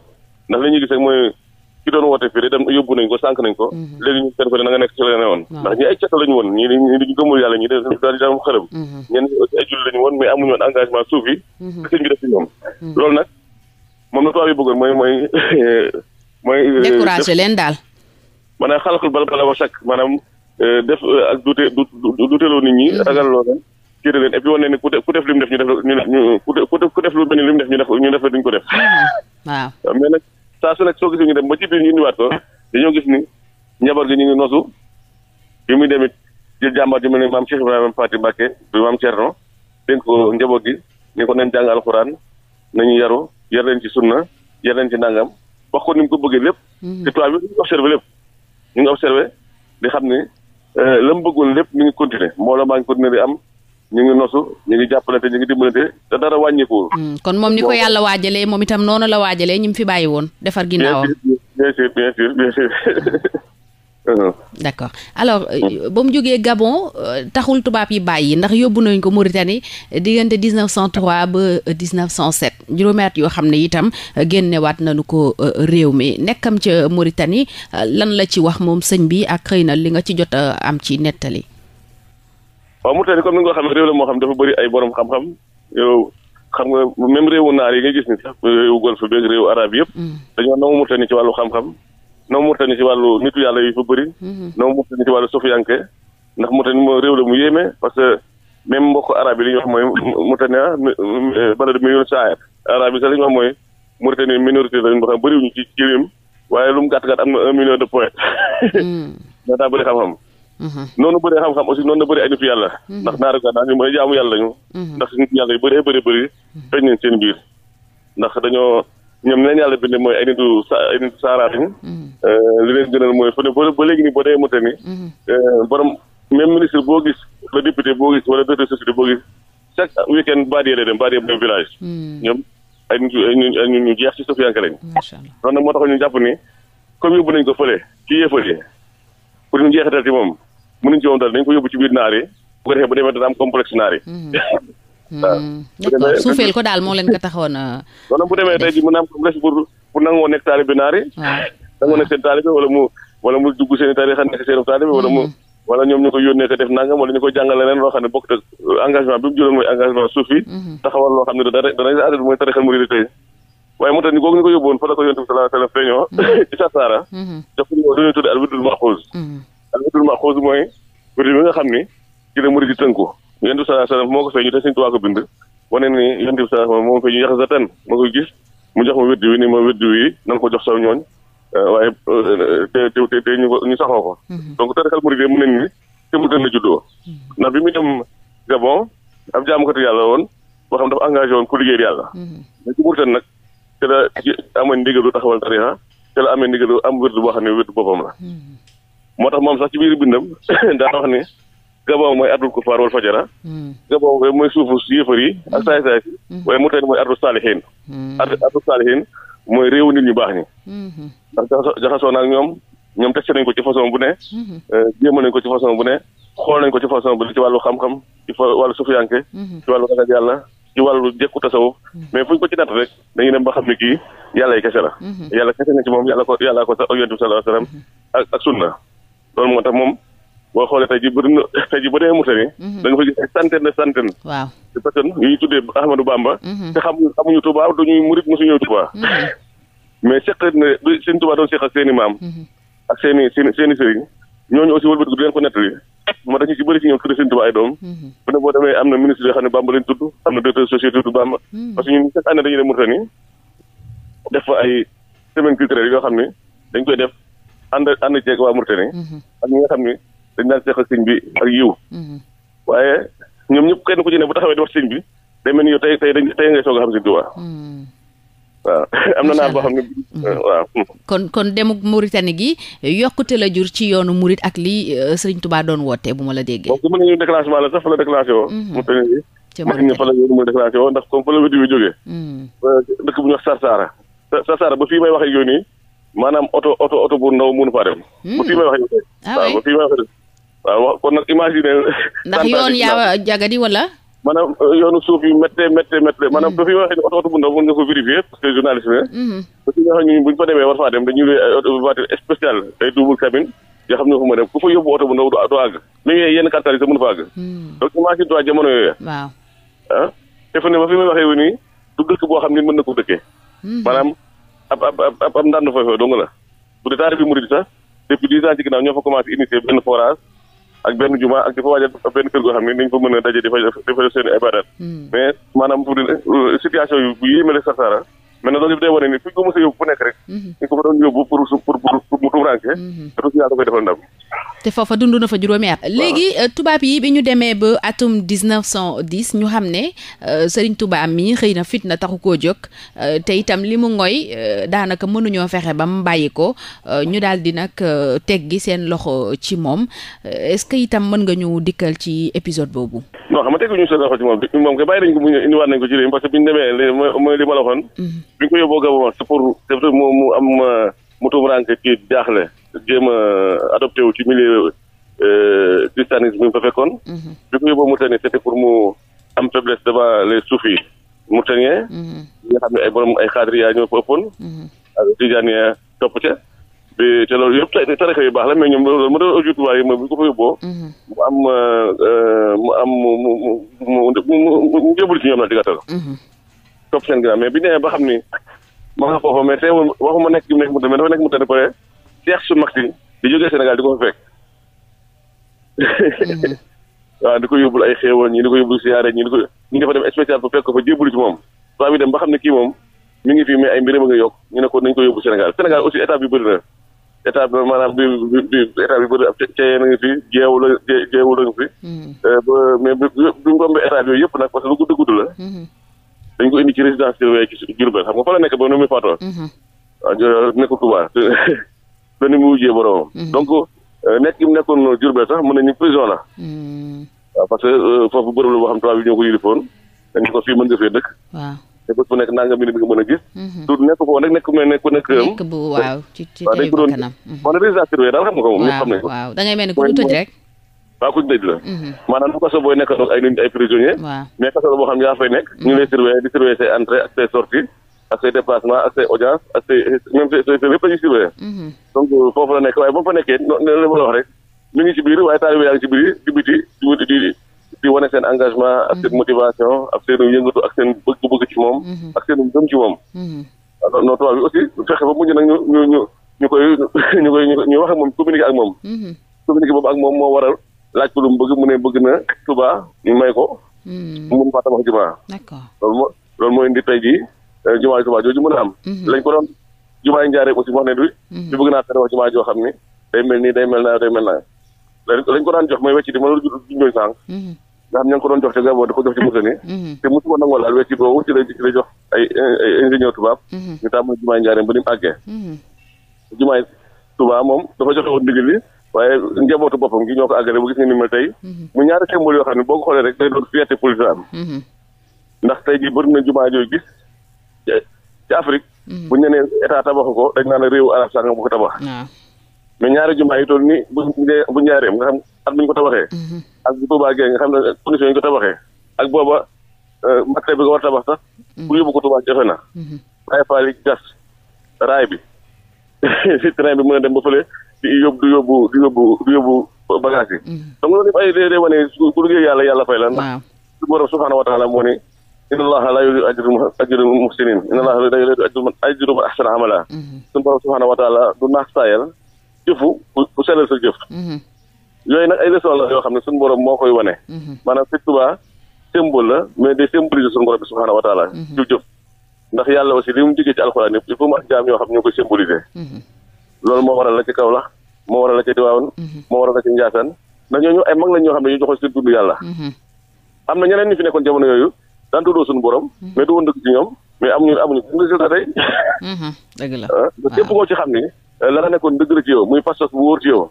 ndax li ñuy gis rek mooy ki doon woote fii rek dem yóbbu nañ ko sànq nañ ko. léegi ñu seen ko na nekk ci la ne woon. ndax ñi ay càkk lañu woon ñii dañuy dañuy yàlla ñii dañuy daal di daal xërëm. ñenn ay jullit bi def loolu nag moom la tubaab yi bëggoon mooy mooy mooy. découragé leen daal. maanaam xalakul bala bala wa sakk maanaam def ak duute duuteloo nit ñi ragal loo jërë leen et puis wane ne ku def lim def ñu def ñu ku def lu mel ni lim def ñu def ñu def la duñ ko def. waaw mais nag saa su nekk soo gisee ñu dem ba ci biir ñu indiwaat ko dañoo gis ni njaboot gi ñu ngi nosu bi muy demit jël jàmbaar ju mel ni maam Cheikh Ibrahima Faty Mbacké bi maam Thierno dénk ko njaboot gi ni ko nañ jàng alxuraan nañu yaru yar leen ci sunna yar leen ci nangam wax ko ni mu ko bëggee lépp. Mm-hmm. te tubaab bi ñu ngi observé lépp ñu ngi observé di xam ni euh, la mu bëggoon lépp mi ngi continuer mbooloo maa ngi continuer di am ñu ngi nosu ñu ngi jàppalante ñu ngi dimbalante te dara wàññikuwul. Mm, kon moom ni ko yàlla waajalee moom itam noonu la waajalee ñu mu fi bàyyi woon defar ginnaawam. bien sûr uh-huh. d' accord alors euh, ba mu jógee Gabon euh, taxul tubaab yi bàyyi ndax yóbbu nañ ko Mauritanie diggante 1903 ba 1907 euh, juróomi at yoo xam ne itam génnewaat nañu ko réew mi nekkam ca Mauritanie lan la ci wax moom sëñ bi ak xëy na li nga ci jot am ci nettali. waaw Mauritanie comme ni nga ko xamee réew la moo xam dafa bëri ay borom xam-xam yow xam nga même réewu naar yi nga gis ni sax réewu golfe beeg réewu arab yëpp mm. dañoo naw Mauritanie ci wàllu xam-xam naw Mauritanie ci wàllu nitu yàlla yi fa bëri mm-hmm. naw Mauritanie ci wàllu ndax Mauritanie moo réew la mu yéeme parce que même mbokk arab yi li wax mooy Mauritanie ah, balad million saayar arab yi sax li mooy Mauritanie minorité lañu boo xam bëriwuñu ci ci réew waaye lu mu gàtt-gàtt am na un million de points mm. ñoo daa bëri xam-xam noonu bëree xam-xam aussi noonu na bëri ay nitu yàlla ndax naari ko naa ñu mën a jaamu yàlla ñu mhm. ndax nitu yàlla yu bëree bëri feeñ nañ seen biir ndax dañoo ñoom leen yàlla bind mooy ay nitu sa ay nitu saaraatiñ mhm. euh, li leen gënal mooy fu ne ba léegi ni boo dee mute mhm. euh, ni borom même ministre boo gis le député boo gis wala directeur société boo gis chaque village ñoom ay nit ñu ñu jeex ci Sofianke lañ loolu nag moo tax ñu jàpp ni comme yóbbu nañ ko fële ci yéefal pour ñu jeexital ci moom mënuñ ci woon dara dañ ko yóbbu ci biir naar yi bu bu demee dana am complexe naar yi. Mm-hmm. Mm-hmm. d'accord suufeel ko daal moo leen ko taxoon euh, a. maanaam bu demee tey jii mën a am ko yónnee ko loo xam ne bokk te engagement bi mu jëloon mooy engagement suufi mm-hmm. taxawal loo xam ne dana dana adat mooy tarixa muride tey waaye moo tax ni ñu ko yóbboon fa la ko yonent bi sallallahu alayhi feeñoo ci sasaara jox ko lu ñuy tuddee albidul alxadul maxuus mooy guddi bi nga xam ni ci la murid di tënku yonent bi sallallahu alayhi wasallam moo ko feeñu te Sëriñ Tuubaa ko bind wane ni yonent bi sallallahu alayhi wasallam moom feeñu yax sa tan ma koy gis mu jox ma wérdi wi ni ma wérdi wi nan ko jox saw ñooñ euh, waaye euh, te te te ñu ko ñu saxoo ko mhm. donc tarixal murid yi mën nañ ni te mu gën la juddoo mhm. ndax bi yàlla woon boo xam dafa woon ku liggéey mhm. la am wérdu boo la moo tax moom sax ci biir bindam daana wax ne gabon mooy ardul kufaar wal fajara hmm. gabon ba mooy suufu yéefar yi ak hmm. saay saay si hmm. waaye mu tey mooy ardu saalihiin ardu ardu saalihiin mooy réewu nit ñu baax ñi ndax jaxasoo naag ñoom ñoom testé nañ ko ci façon bu ne euh, jéem nañ ko ci façon bu ne xool nañ ko ci façon bu ne ci wàllu xam-xam ci wàllu sufiyanke ci wàllu ragal yàlla ci wàllu jekku tasawuf mais fu ñu ko ci natt rek dañuy dem ba xam ne kii yàlla la yàlla kese na ko yàlla ko sax ak yonent bi loolu moo tax moom boo xoolee tey ji bëri na tey ji boo demee Mauritanie mhm. da nga fa gis ay centaine de centaine waaw yu ñu tuddee Ahmadou Bamba mhm. te xamuñu xamuñu Touba duñuy murit mosu ñëw Touba mhm. mais seq na seen Touba doon seqal seen i maam seen i seen seen i sëriñ ñooñu ay doom boo demee am na ministre yoo xam ne Bamba lañ tudd am na directeur société tudd Bamba parce que ñun chaque année dañuy dem Mauritanie def fa ay semaine culturelle yoo xam ne dañ koy def ànd ànd ceeg waa Mauritanie mhm. ak ñi nga xam ne dañ daan seqal sëñ bi ak yiw mhm. waaye ñoom ñëpp kenn ku ci ne bu taxawee di wax sëñ bi day mel ni yow tey tey tey ngay soog a xam sëñ Tuubaa mhm. waaw am na naa boo xam ne waaw kon kon demuk Mauritanie gi yokkute la jur ci yoonu murit ak li euh, sëñ Tuubaa doon woote bu ma la déggee boo ko mën nañu déclenchement la sax fa la déclenché woo Mauritanie gi mas ne fa la yoonu murit déclenché ndax comme fa la wétu bi jógee dëkk bu ñu wax Sarsaara maanaam oto oto oto bu ndaw mënu faa dem. Hmm. ba fii may wax ak ah waaw ba fii may wax waaw kon nag imagine ndax yoon yaa jagadi wala. maanaam euh, yoonu suuf yu méttee méttee méttee maanaam hmm. ba fi bu ko vérifier parce que journaliste la. Hmm. ba fi nga euh, xam ne bu ma dem ku bu ndaw du àgg mais yenn quartier yi sax mënu ah. ne ba fi may waxee nii du dëkk boo xam ne mën na ko dëkkee. maanaam ab ab ab ab ndànd foofu dong la bu dee taalibe murid sax depuis dix ans ci ñoo fa commencé initier benn forage ak benn juma ak di fa waajal benn kër goo xam ne nañ fa mën a daje di fa def hmm. mais maanaam fu euh, situation yu bu yéemale Sarsara mais nag loolu yëpp day wane ni fu ñu ko mos nekk rek. ñu hmm. ko fa doon yóbbu pour pour mu tuuranke. Hmm. te du si yàlla koy defal ndam. te foofa dund na fa juróomi at léegi euh, tubaab yi bi ñu demee ba atum 1910 ñu xam ne euh, Serigne Touba mi xëy na fitna taxu ko jóg euh, te itam li mu ngoy daanaka mënuñoo fexe ba mu bàyyi ko ñu daal di nag teggi seen loxo ci moom est-ce que itam mën nga ñu dikkal ci épisode boobu. non xam nga tegguñu seen loxo ci moom moom bàyyi nañ ko mu nañ ko ci réew mi bi ñu demee mooy li ma la waxoon. Mhm. bi ñu ko yóbboo Gabon pour mu am. mu tumuraanke ci jaaxle jéem a wu ci milieu euh, christianisme bi mu fekkoon. Mhm. bi mu yóbboo Mauritanie pour mu am faiblesse devant les soufis mauritaniens. ñi mhm. nga xam ne ay borom ay xaadiriya ñoo fa ëppoon. Mhm. ak tijaaniya topp ca. bi te loolu yëpp tey yu baax la mais ñoom loolu mu doon auditeurs yi mooy bu ñu ko fa euh, mu am mu am mu mu mu mu mu jébul ci ñoom la diggantal. topp seen ginnaaw mais bi ñu ba xam ni. ma nga foofa mais teewul waxuma nekk gi mu nekk mu demee dafa nekk mu tëdd pare seex su mag si di jógee Sénégal di ko fa fekk waaw di ko yóbbul ay xéewal ñi di ko yóbbul siyaare ñi di ko ñi dafa dem spécial ba fekk ko fa jébbalu ci moom ba bi dem ba xam ne kii moom mi ngi fi mais ay mbiram a nga yokk ñu ne ko nañu ko yóbbu Sénégal Sénégal aussi état bi bëri na état bi maanaam bi bi état bi bëri ceyee na nga fi jeewu la jeewu la nga fi mm-hmm. euh, ba mais bi mu rombee état bi yooyu yëpp nag parce que lu gudd gudd la mm-hmm. dañ ko indi ci résidence surveillée ci Diourbel xam nga fa la nekk ba nu muy faatoo. waaw mhm. ah, nekkul Touba ba ni mu wujjee boromam. Mhm. donc euh, nekk gi mu nekkoon Diourbel sax mën nañu prison la. Mhm. waaw parce que euh, foofu bërëb la boo xam tubaab bi ñoo ko yilifoon dañu ko fii mën nga fee dëkk. waaw te bés bu nekk nangam yi nga mën a gis. du nekk foofu nekk mel ne ku nekk. bu waaw ci ci tey bu doon maanaam résidence surveillée daal xam nga ko moom. ñëpp xam nañ ko waaw waa kuñ tëj la. Mhm. maanaam bu kaso booy nekk ay ay prisonniers. mais kaso boo xam yaa fay nekk. Mhm. ñu lay surveiller di surveiller say entrée ak say sorties ak say déplacement ak say audience ak say même say say lépp mhm. euh, ngi ci biir waaye ngi ci seen engagement. ak seen motivation ak seen yëngatu ak seen bëgg ci moom. ak seen gëm ci moom. alors ah, non aussi fexe ba mujj nag ñu ñu ñu ñu koy moom communiquer ak moom. communiquer boobu ak moom moo laaj ko lu mu bëgg mu ne bëgg na Touba ñu may ko. Hmm. mu faa tabax jumaa. d'accord loolu moo loolu moo indi tey jii eh, jumaa Touba jooju mën am. Hmm. lañ ko doon jumaa Njaaréem aussi wax ne du. Hmm. naa fexe wax joo xam ni day mel nii day mel naa day mel naa lañ ko daan jox mooy wecc di ma loolu ñooy sànq. ña ko doon jox ca Gabon dafa jox ci Mauritanie. te mosu ko nangoo laal wecc boobu ci la ci la jox ay ingénieur tubaab. ñu taamu jumaa Njaaréem ba ni mu àggee. jumaa Touba moom dafa joxe woon ndigal li waaye njabootu boppam gi ñoo ko àggale bu gis nga ni ma tey mhm. mu ñaari symbole yoo xam ne boo ko xoolee rek day doon fierté politique mhm. ndax tey ji bëri na jumaa jooy gis ci Afrique mhm. bu ñu nee état tabaxu ko dañ na réewu arab sàngam bu ko tabax mais ñaari jumaa yi tool ni bu bu njaareem nga xam at bu ñu ko tabaxee ak bu Tuubaa gee nga xam ne condition yi ñu ko tabaxee ak booba euh, matériel bi nga war a tabax sax bu yóbbu ko Tuubaa jafe na waaye faal yi gas a di yóbbu di yóbbu di yóbbu di yóbbu bagage yi. donc loolu yëpp ay day day wane su ku liggéey yàlla yàlla fay la. waaw su borom subhaanahu wa taala moo ne. inna allaha la yudii'u ajra ajral muhsinin inna allaha la yudii'u ajra man ahsana amala. Mm-hmm. suñu borom subhaanahu wa taala du naax saayal jëfu bu sellal sa jëf. Mm-hmm. yooyu nag ay leçon la yoo xam ne suñu koy wane. Mm-hmm. loolu moo waral la ci kaw la moo waral la ca Tiwaawan mhm. moo waral la ca Njaasaan ndax ñooñu ay mag lañ ñoo xam ne ñu joxoon si tudd yàlla mhm. am na ñeneen ñu fi nekkoon jamono yooyu daan tuddoo suñu borom mhm. mais du woon dëgg ci ñoom mais amuñu ah, xam ni eh, la nga nekkoon dëgg la ci yow muy pas-pas bu wóor ci yow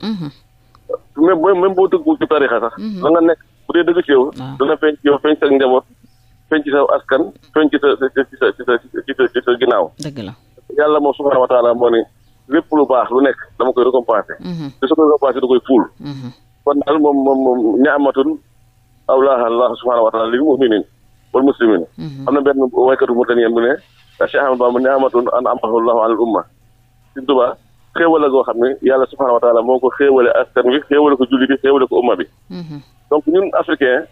même même boo dëgg ci tarixa sax la nga nekk bu dee dëgg ci yow ah. dana feeñ ci yow feeñ sa njaboot feeñ ci sa askan sa sa sa sa ginnaaw dëgg la yàlla moom subhaanahu wa moo ne lépp lu baax lu nekk dama koy récompenser. Mhm. te su ko récompenser da koy fuul. Mhm. kon daal moom moom moom ñaamatun awlaaha allah subhaanahu wa taala lil muminin wal muslimin. Mhm. am na benn waykatu Mauritanie bu ne Cheikh Ahmadou Bamba ñaamatun an amahu allahu ala al umma. Sëñ Tuubaa xéewal la goo xam ne yàlla subhaanahu wa taala moo ko xéewale askan wi xéewale ko julli bi xéewale ko umma bi. donc ñun africain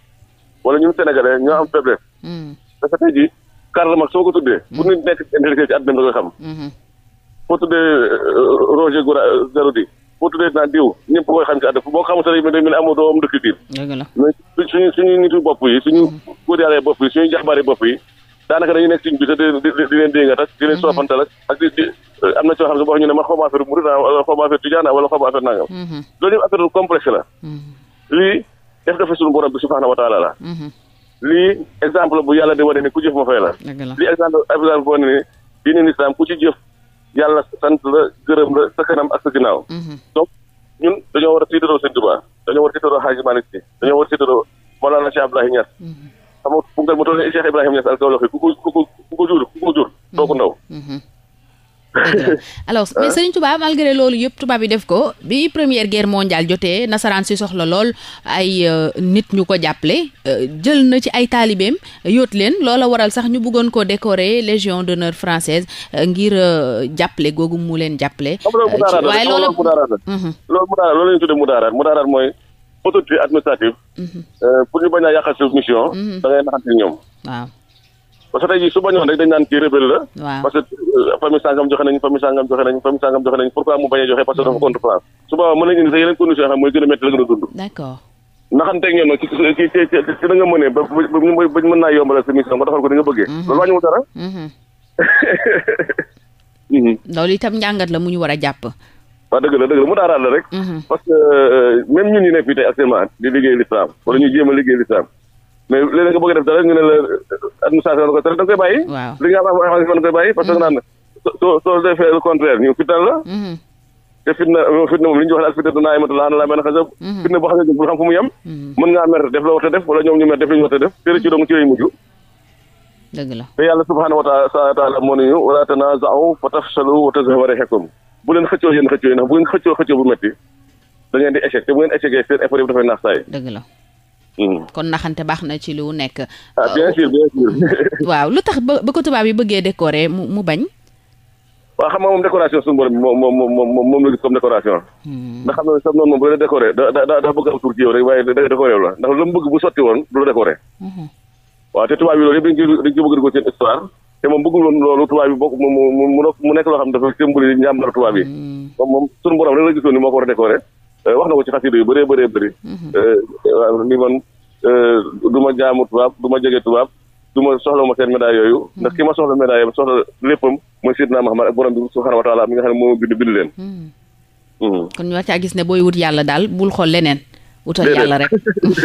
wala ñun sénégalais ñoo am faiblesse. parce que tey jii Karl soo ko tuddee. bu nit nekk ci àddina bi da koy xam. boo tuddee euh, Roger euh, Garaudi boo tuddee naa diw ñëpp koy xam ci àdduna boo xamante ne day mel ni amoo doom dëkk biir. dëgg la bopp yi suñu mm-hmm. góor yàlla bopp yi suñu jàmbaari bopp yi daanaka dañuy nekk suñ bi te di di leen di leen mm-hmm. soofantal ak di di euh, am na ci yoo xam ne boo xam ñu ne man xaw ma affaire murid wala xaw ma affaire tijaan wala xaw ma affaire nangam. Mm-hmm. loolu yëpp affaire complexe la. lii def dafa suñu borom bi subhaana wa taala la. lii exemple bu yàlla di wane ku jëf ma fay la. lii exemple exemple boo ne ni diine islam ku ci jëf yàlla sant la gërëm la sa a ak sa ginnaaw. Mhm. donc ñun dañoo war a tiitaroo Sëñ Tuubaa dañoo war a tiitaroo Xaaji Maalik Si dañoo war a tiitaroo Mawlaana Cheikh a Niass. Mhm. xam nga bu ngeen ma toogee Cheikh Ibrahima Niass al-Kawlaxi ku ku ku jur ku ko jur doo mhm. ndaw. alors mais ah. Serigne Touba malgré loolu yëpp tubaab yi def ko bi première guerre mondiale jotee nasaraan si soxla lool ay euh, nit ñu ko jàppale euh, jël na ci ay taalibeem yóot leen loola waral sax ñu bëggoon ko décorer Légion d'honneur française euh, ngir jàppale googu mu leen jàppale. waaye loola loolu mudaaraat mhm. loolu la ñu tuddee mudaaraat mudaaraat mooy mhm. pour ñu bañ a yàqal sa mission. Mhm. da ngay ñoom waaw. parce que tey jii su bañoon rek dañ naan kii rebelle la. waaw parce que euh, famille sangam joxe nañ famille sangam joxe nañ pourquoi mu bañ a joxe parce que dafa contre France su boobaa mën nañu indi sa yeneen condition xam mooy gën a métti la gën a dund. d'accord naxanteeg ñoom nag ci ci mën naa yombalal sa mission ba defal ko ni nga bëggee. Mhm. loolu wàññiwul dara. Mhm. Mhm. loolu itam njàngat la mu ñu war a jàpp. waaw dëgg la dëgg la mu daaraat la rek. parce que euh, même ñun ñu nekk fii tey actuellement mais léeg nga bëgg a def dara ñu ne la administration la ko tere da nga koy bàyyi. waaw li nga xam ne xam nga koy bàyyi parce que mm-hmm. naan la. Mm-hmm. te fitna moom li ñu wax ne ak fitna na laa mel ne xasab. Mm-hmm. fitna boo xam fu mu yem. mën ngaa mer def la war a def wala ñoom ñu mer def li ñu war a def te ci dong ci lay mujj. dëgg la te yàlla subhaanahu wa taala moo ne ñu wala tanaaza'u fa tafshalu wa tazhaba riihukum bu leen xëccoo yéen xëccoo yi ndax bu ngeen xëccoo xëccoo bu metti da Mm. kon naxante baax na ci lu nekk. ah bien sûr bien sûr. waaw lu tax ba ba ko tubaab yi bëggee décorer mu mu bañ. waaw xam nga moom décoration suñu borom moom moom moom la gis comme décoration. Hmm. ndax xam nga sax noonu moom bu la décorer da da da bëgg a am rek waaye da décorer la ndax lu mu bëgg bu sotti woon du la décorer. Hmm. waaw te tubaab yi loolu dañ ciy bëgg a dugg seen histoire te moom bëggul loolu tubaab yi bokk mu mu mu nekk loo xam dafa symbole ñàmbal tubaab yi. Hmm. moom moom suñu borom la gisoon ni moo ko war Euh, wax na ko ci xasida yu bëree bëree bëri mhm. euh, ni man euh, du ma jaamu tubaab du ma jege tubaab du ma soxla ma seen médaille yooyu mhm. ndax ki ma soxla médaille ma soxla léppam mooy Seydina Muhammad ak borom bi subhaanahu wa taala mi nga xam ne moo bind bind leen mhm. kon ñu war caa gis ne booy wut yàlla daal bul xool leneen wutal yàlla rek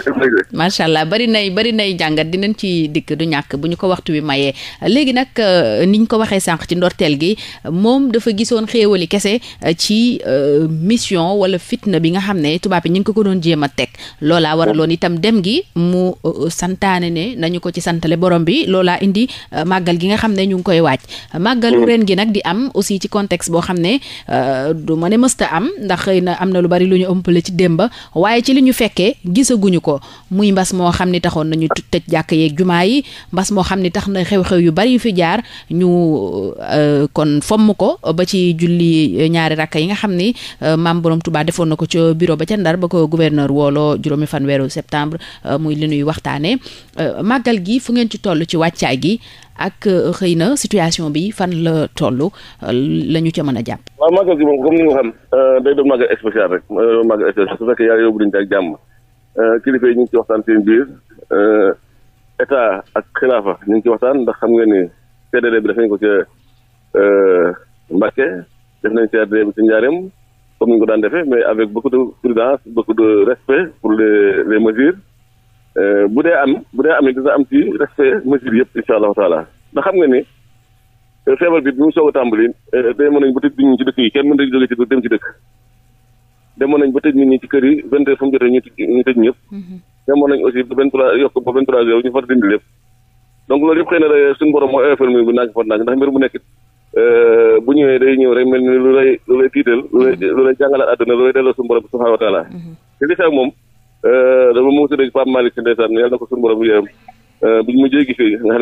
macha allah bari nay bari nay jàngat dinañ ci dikk du ñàkk bu ñu ko waxtu wi mayee léegi nag ni euh, niñ ko waxee sànq ci ndorteel gi moom dafa gisoon xéewali kese euh, ci euh, mission wala fitna bi nga xam ne tubaab bi ñu ngi ko ko doon jéem a teg loolaa waraloon itam dem gi mu santaane ne nañu ko ci santale borom bi loolaa indi màggal gi nga xam ne ñu ngi koy waaj màggalu mm. ren gi nag di am aussi ci contexte boo xam ne du ma ne mësta am ndax xëy na am na lu bari lu ñu ëmpale ci démba waaye ci ñu fekkee gisaguñu ko muy mbas moo xam ni taxoon nañu tëj jàkk yeeg jumaa yi mbas moo xam ni tax na xew-xew yu bari yu fi jaar ñu euh, kon fomm ko ba ci julli euh, ñaari rakka yi nga xam ni euh, maam borom Touba defoon na ko ca buro ba ca Ndar ba ko gouverneur wooloo juróomi fanweeru septembre muy li nuy waxtaanee màggal gi fu ngeen ci toll ci wàccaay gi ak euh, xëy na situation bi fan la toll euh, la ca mën a jàpp. waaw màggal gi moom comme ni nga xam. Euh, day doon màggal spécial rek màggal spécial su fekkee yàlla yóbbu nañu ci ak jàmm kilifa yi ñu ngi ci waxtaan seen biir état ak xilaafa ñu ngi ci waxtaan ndax xam nga ni CDD bi def nañ ko ca Mbacké def nañ CRD bi ca Ndiarème comme ñu ko daan defee mais avec beaucoup de prudence beaucoup de respect pour les les mesures. Euh, bu dee am bu dee am it dina am ci respect mesure yëpp incha allahu taala ndax xam nga ne euh, feebar bi bi mu soog a tàmbali euh, nañ ba tëj nit ñi ci dëkk yi kenn mën nañ jóge ci dem ci dëkk demoon nañ ba tëj nit ñi ci kër yi vingt heures mu jotee ñu ñu tëj ñëpp mhm. demoon nañ aussi ba vingt trois yokk ba vingt trois heures ñu far dindi lépp donc loolu yëpp xëy na day suñu mooy infirmier bu naaj fa naaj ndax mbir bu nekk bu ñëwee day ñëw rek mel ni lu lay lu lay tiital lu lay jàngalaat àdduna Euh, dama mos a dégg Pape Malick si ndeysaan yàlla na ko suñu borom yërëm euh, bi ñu mujjee gisee nga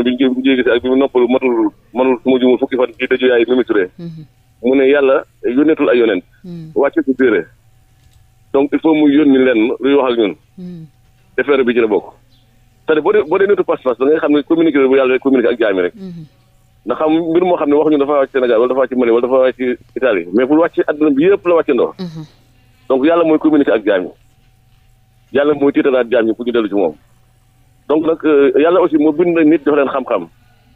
ak bi mu noppalu matul manul su ma jumul fukki fan ci dëju yaay Mimi Touré mhm. mu ne yàlla yónneetul ay yonent mhm. wàcce ci téere donc il faut muy yónni leen luy wax ak ñun affaire mhm. bi ci la bokk c'est-à-dire boo dee boo dee nitu pas-pas xam ne communique bu yàlla rek communiqué ak jaami rek ndax xam mbir moo xam ne wax ñun dafa wàcc Sénégal wala dafa wàcc Mali wala dafa wàcc Italie mais pour wàcc àdduna bi la wàcc ndoo donc yàlla mooy communiqué ak jaami yàlla mooy tiitalaat jaam ñi pour ñu dellu ci moom donc nag euh, yàlla aussi moo bind nit jox leen xam-xam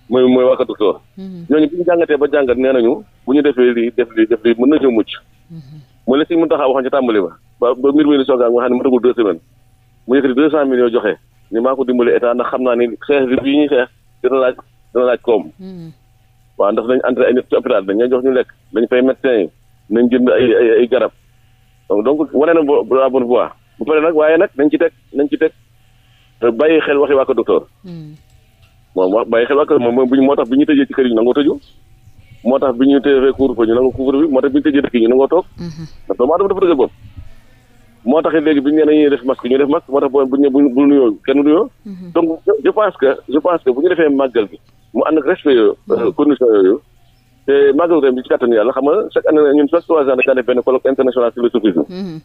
mooy mooy waa docteur mhm. ñooñu bi ñu jàngatee ba jàngat nee nañu bu ñu defee lii def lii def lii mën na ci mucc mhm. mooy la si mën taxaa waxoon ci tàmbali ba ba ba mbir mi ni soogaan nga xam ne matagul deux semaines mu yëkkati deux cent millions joxe ni maa ko dimbali état ndax xam naa ni xeex bi bii ñuy xeex dina laaj dina laaj koom mhm. waa ndax dañ entré ay nit ci hôpital dañ jox ñu lekk dañ fay médecin nañ jënd ay ay garab donc wane na la bonne voie bu pare nag waaye nag nañ ci teg nañ ci teg bàyyi xel waxi waa ko hmm. moom wax bàyyi xel waa ko moom buñ moo tax bi ñu tëjee ci kër yi tëju. moo tax bi ñu tëjee couvre-feu ñu nangoo couvre-feu bi ñu tëjee dëkk yi ñu nangoo toog. Hmm. parce que moo tax léegi bi ñu nee ñu def masque moo bu ñu bu ñu nuyoo kenn nuyoo. Hmm. donc je pense que je pense que bu ñu defee màggal bi mu ànd ak respect yooyu euh, condition yooyu. te màggal bi ci kàttan yàlla xam nga chaque année ñun chaque trois ans benn colloque international sur le tourisme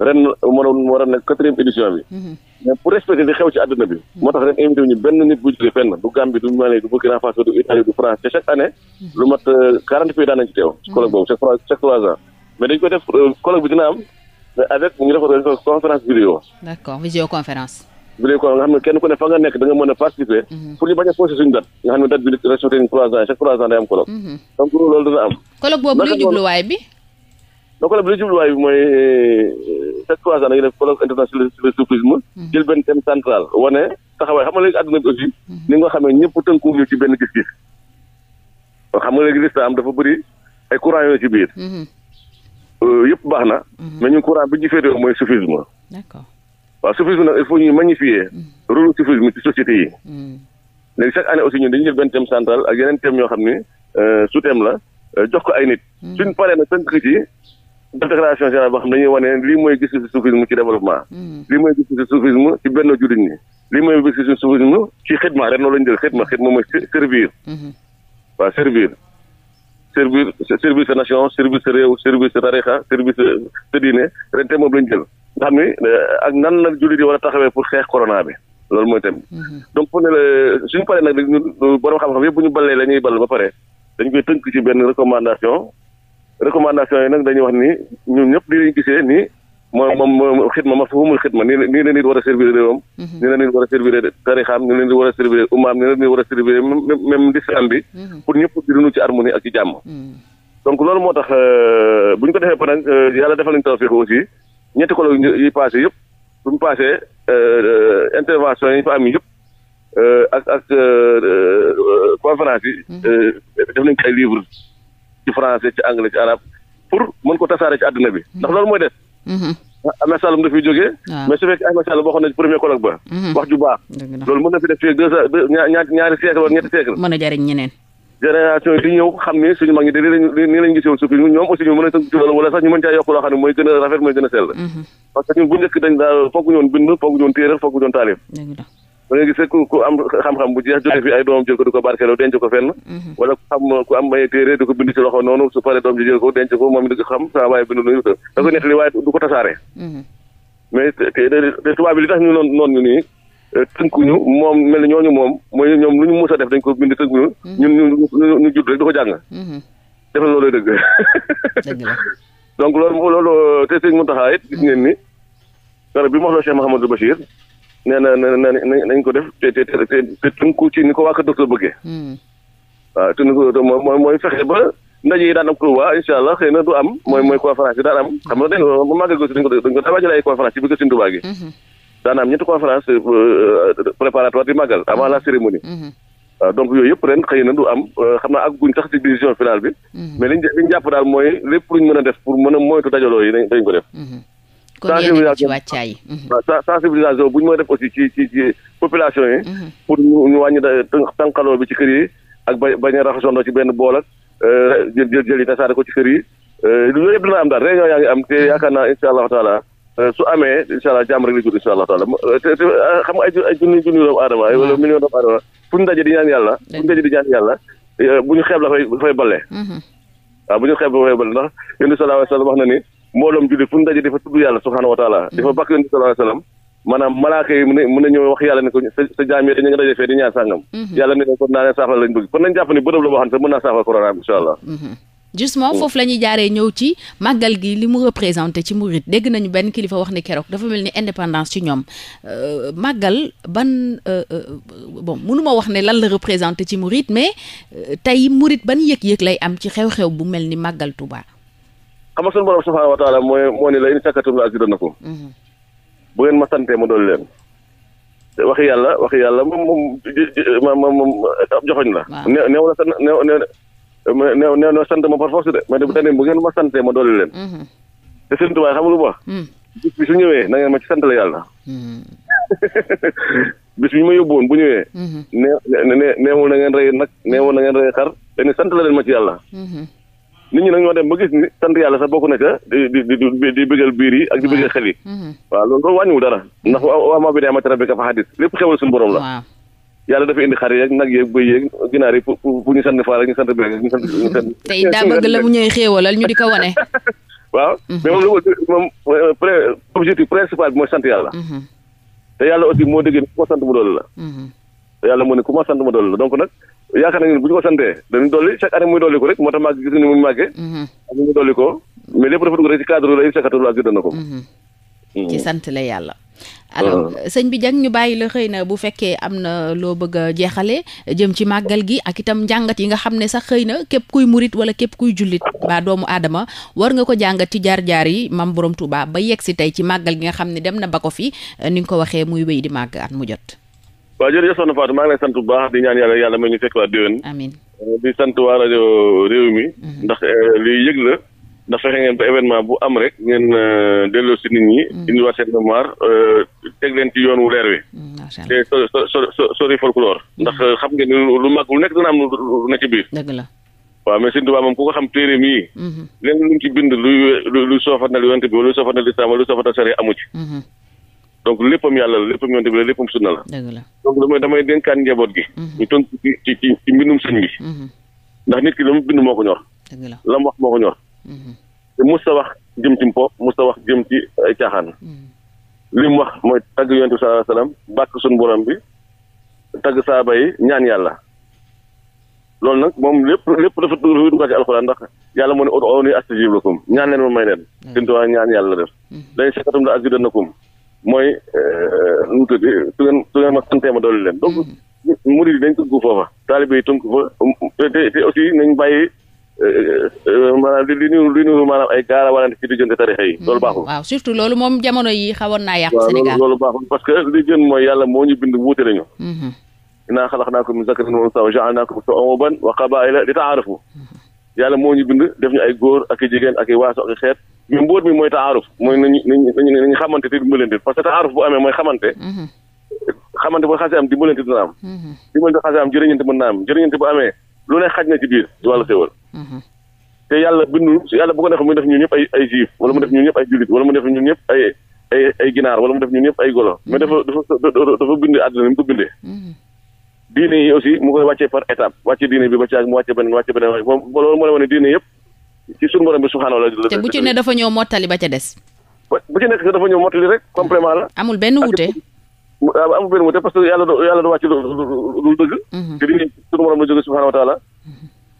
ren mënoon moo ren quatrième édition bi. Mhm. mais pour respecter di xew ci àdduna bi. Mhm. moo tax ren invité wu benn nit bu jógee fenn du du Mali du Burkina du Italie du mhm. euh, teew. ci boobu chaque trois ans. mais dañ ko def euh, colloque bi dina am mais avec ñu def conférence vidéo. d'accord visioconférence. vidéo kon nga xam ne kenn ku fa nga nekk da mën a participer. pour ñu bañ a posé suñu nga xam ne date bi respecté nañ trois ans chaque trois ans day am colloque. donc la bi bi mooy euh, chaque trois ans da ngay def colloque international sur le soufisme hmm. jël benn thème central wane taxawaay xam nga léegi àdduna bi aussi hmm. ni nga xamee ñëpp tënku ñu ci benn gis-gis xam nga léegi lislaam dafa bëri ay courant yooyu ci biir hmm. euh, yëpp baax na mais ñun courant bi ñu féetewoo mooy soufisme d'accord waaw soufisme nag il faut ñuy magnifier rôle soufisme ci société yi léegi chaque année aussi ñu dañu jël benn thème central ak yeneen thème yoo xam ni euh, sous la jox ko ay nit suñ paree na déclaration générale boo xam dañuy wane lii mooy gis-gisu soufisme ci developpement hmm. lii mooy gis-gisu soufisme ci benn jullit ñi. lii mooy gis-gisu soufisme ci xidma ren loolu lañ jël xidma xidma mooy servir. Hmm. waaw servir. servir servir sa nation servir sa réew servir sa tarixa servir sa diine ren te moom lañ jël. nga xam eh, ak nan la jullit yi war a taxawee pour xeex corona bi. loolu mooy tamit hmm. donc pour ne la suñu paree nag ñun xam-xam yëpp ñu balee la ñuy bal ba pare dañ koy tënk ci benn recommandation. recommandation yi nag dañuy wax ni ñun ñëpp di lañ gisee ni moom moom xidma ma mafhumul xidma nii nii la nit war a servir réewam mhm. ni la nit war a servir tarixaam ni la nit war a servir umaam ni la nit war a servir même lislaam bi mhm. pour ñëpp di dund ci harmonie ak ci jàmm mhm. donc loolu moo tax euh, bu ñu ko defee ba nag euh, yàlla defal nañu tawfiq aussi ñetti kolo yi passé yëpp bu ñu passé euh, intervention yi fa am yëpp ak ak conférence yi def nañ ko ay ci français ci anglais ci arabe pour mën ko tasaare ci àdduna bi ndax loolu mooy des mhm. Ahmed Sall mu daf mais su fekkee Ahmed Sall waxoon nañ premier colloque ba mhm. wax ju baax loolu mën na fi def fii deux ñaari ñaari siècle wala ñetti siècle mën a jariñ ñeneen génération yi ñëw xam ne suñu mag ñi de nii lañ gisoon suuf yi ñoom aussi mën a sax ñu mën caa yokk loo xam ne mooy gën a rafet mooy gën a sell mhm. parce que ñun bu njëkk dañ daal foog ñoon bind ba nga gis ku ku am xam-xam bu jeex jóge fi ay doomam jël ko di ko barkeeloo denc ko fenn mhm. wala ku xam ku am ay téere di ko bind ci loxo noonu su paree doom ji jël ko denc ko moom di ko xam sa waaye bind lu ko nettali waaye du ko tasaare mhm. tubaab li tax ñu noon noon ñu nii euh, tënkuñu moom mel ni ñooñu moom mooy ñoom lu ñu mës a def dañ ko bind tënkuñu mhm. ñun ñu ñu judd rek di ko jàng def na loolu dëgg donc loolu loolu te sëñ Muntaxa it gis ngeen ni garab bi mu wax la Cheikh Mouhamadou Bachir nee na na nañ ko def te te te tënku ci ni ko waa kër docteur bëggee. Hmm. waaw te ni mooy mooy fexe ba ndaje yi daan am Touba incha allah xëy na du am mooy mooy conférence yi daan am xam nga dégg nga bu màggee gëstu dañ ko dañ ko daa jël ay conférence ci biir Sëriñ Touba gi. Hmm. daan euh, euh, préparatoire di màggal avant la cérémonie. Hmm. waaw donc yooyu yëpp ren xëy na du am euh, xam naa ak guñ sax ci décision finale bi. mais liñ liñ jàpp daal mooy lépp luñ mën a def pour mën a moytu dajaloo yi dañ ko def. sensibilisation waaw sensibilisation bu ñu mën def aussi ci ci ci population yi. Mhm. pour ñu ñu wàññi tànqaloo bi ci kër yi ak ba bañ a raxasondoo ci benn bool ak euh, jël jël jël yi tasaare ko ci kër yi euh, loolu yëpp dina am daal réunion yaa ngi am te mhm. yaakaar naa incha euh, la jur incha allahu taala te te xam nga ay ay junni junni doomu aadama wala million doomu aadama fu ñu daje di ñaan yàlla fu ñu daje di ñaan yàlla bu ñu xeeb la fay fay balle mhm. bu ñu xeeb la fay balle ndax yéen sallallahu wa wax na ni mbooloom julli fu mu daje dafa tudd yàlla subhaanahu wa taala dafa mm-hmm. bàkk yonent bi sallallahu alayhi wa sallam maanaam malaaka yi wax yàlla ne ko sa sa jaam yi dañu nga daje fee di ñaan sàngam mm-hmm. yàlla ne kon naa leen saafara bëgg kon nañ jàpp ni bërëb la boo xam mën naa saafara corona bi allah mm-hmm. justement oh. foofu la ñuy jaaree ñëw ci màggal gi li mu représenté ci murit dégg nañu benn kilifa wax ne keroog dafa mel ni indépendance ci ñoom euh, màggal ban euh, euh, bon mënuma wax ne lan la représenté ci murit mais tey murit ban yëg-yëg lay am ci xew-xew bu mel ni màggal Tuuba xam nga sunu borom subhaanahu wa taala mooy moo ni la in shakartum la azidannakum mhm. bu ngeen ma santee ma dool leen te yàlla waxi yàlla moom moom moom moom joxoñ la. waaw nee na na nee na sant ma par force de bu tane bu ngeen ma santee ma dool leen. Mhm. te seen tubaab xam lu ma wax. Mhm. bis bi su ñëwee na ngeen ma ci sant la yàlla. bis ñu ma yóbbu woon bu ñëwee. nee nee neewul na ngeen rey nag neewul na ngeen rey xar te ni sant la leen ma ci yàlla. nit ñi nag ñoo dem ba gis ni sant yàlla sax bokk na di di di di bëggal biir yi ak di bëggal xel yi. Mm-hmm. Mm-hmm. waaw loolu loolu wàññiwul dara ndax waa maa bi dee matara bi ka fa xadis lépp xewal suñu borom la. yàlla dafa indi xar yeeg nag yeeg bëy yeeg ginaar yi pour pour ñu sant faar ak ñu sant bëy ñu sant ñu sant. tey daa bëgg la mu ñuy xéewalal ñu di ko wane. waaw mm-hmm. mais moom la euh, moom objectif principal bi mooy sant yàlla. te yàlla aussi moo déggee ku ma sant mu doole la. yàlla moo ne ku sant mu doole la donc nag yaakaar nañu ne bu ñu ko santee dañu dolli chaque année muy dolli ko rek moo tax màgg gis ni muy màggee. Mhm. ci cadre mhm. Mhm. yàlla. alors ah. sëñ bi jàng ñu bàyyi la xëy na bu fekkee am na loo bëgg a jeexale jëm ci màggal gi ak itam njàngat yi nga xam ne sax xëy na képp kuy murit wala képp kuy jullit ba doomu aadama war nga ko jàngat ci jaar-jaar yi mam borom Touba ba yegg si tey ci màggal gi nga xam ne dem na ba ko fi ni nga ko waxee muy wéy di màgg at mu jot. waaw jërëjëf soxna Fatou maa ngi lay sant bu baax di ñaan yàlla yàlla ma ñu fekk waa déwén. amiin euh, di sant waa rajo réew mi. Mhm. ndax euh, liy yëg la. ndax fexe ngeen ba événement bu am rek ngeen euh, delloo si nit ñi. Mhm. indiwaat seen mémoire teg leen ci yoon wu leer wi. Mhm, te so so sori folklore. ndax xam ngeen ni lu mag lu nekk dana am lu nekk ci biir. dëgg la. waaw mais Sëñ Tuubaa moom ku ko xam téere mii. lenn lu ci bind luy luy soofanal yonent bi wala luy soofanal lislaam wala luy soofanal sariya amu ci. donc léppam yàlla la léppam yonte bi la léppam sunna la. dëgg la donc damay damay dénkaan gi. Mhm. ñu tënk ci ci ci ci mbindum sëñ bi. Mhm. ndax nit ki la mu bind moo ko ñor. dëgg wax moo ko ñor. Mhm. te mus sa wax jëm ci mpo mus sa wax jëm ci ay caaxaan. li mu wax mooy tagg yonte bi sallallahu alayhi wasallam bàkk suñu borom bi saaba yi ñaan yàlla. loolu nag moom lépp lépp dafa tuur dugal ci alxuraan ndax yàlla moo ne ud'uuni astajib lakum ñaan leen ma may leen. gën ñaan yàlla def. lay sakatum la azidannakum mooy euh, nu mu tuddee su ngeen su ngeen ma santee ma doole leen. donc hmm. murid yi dañ tënku foofa. taalibe yi tënku fa um, te te aussi nañ bàyyi euh, euh, maanaam li li ñu li ñu maanaam ay gaara wala ci diggante hmm. surtout loolu moom jamono yi xawoon naa yàq. loolu baaxul parce que li gën mooy yàlla moo ñu bind wuute nañu. Hmm. innaa xalaqnaakum min zakarin wa unsaa wa ja'alnaakum shu'uuban wa qabaa'ila li ta'aarafu. yàlla moo bind def ñu ay góor ak i jigéen ak i waaso ak i xeet mu mbóot mi mooy taaruf mooy nañu nañu nañu xamante te dimbalante parce que taaruf bu amee mooy xamante. Mhm. xamante boo xasee am dimbalante dina am. Mhm. dimbalante xasee am jërëñante mën naa am jërëñante bu amee lu ne xaj na ci biir ci wàllu xéwal. Mhm. te yàlla bindu yàlla bu ko defee mu def ñun ñëpp ay ay juif wala mu def ñun ñëpp ay jullit mu def ñun ñëpp ay ay ay ginaar wala mu def ñun ñëpp ay golo mais dafa dafa dafa bindee àddina mu ko bindee. diine yi aussi mu koy wàccee par étape wàccee yëpp ci suñu borom bi subhaanahu wa te bu ci ne dafa ñëw mottali ba ca des. bu ci nekk dafa ñëw mottali rek complément la. amul benn wuute. Euh, amul benn wuute parce que yàlla du yàlla du wàcc lu dëgg. Mhm. te lii suñu borom la jógee subhaanahu wa taala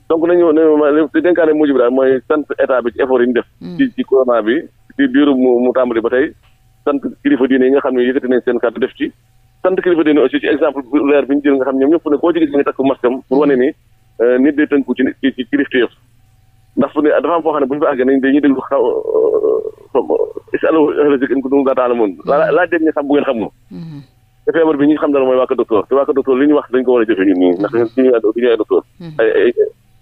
donc nañu ne dénkaane mujj bi daal mooy sant état bi ci effort yi ñu def. Mhm. ci corona bi ci biiru mu tàmbali ba tey sant kilifa diine yi nga xam ne yëkkati nañ seen kàddu def ci. sant kilifa diine ci exemple leer bi ñu ndax fu ne dafa am foo xam ne bu ñu fa àggee nañ dañuy déglu xaw is euh, euh, allo allo in ko dum laa laa dégg nga xam bu xam nu hmm. te feebar bi ñu xam dara mooy waa ko docteur te waa ko li ñu wax dañ ko war a jëfe ñun ñii ndax ñun suñu suñu ay docteur hmm. ay ay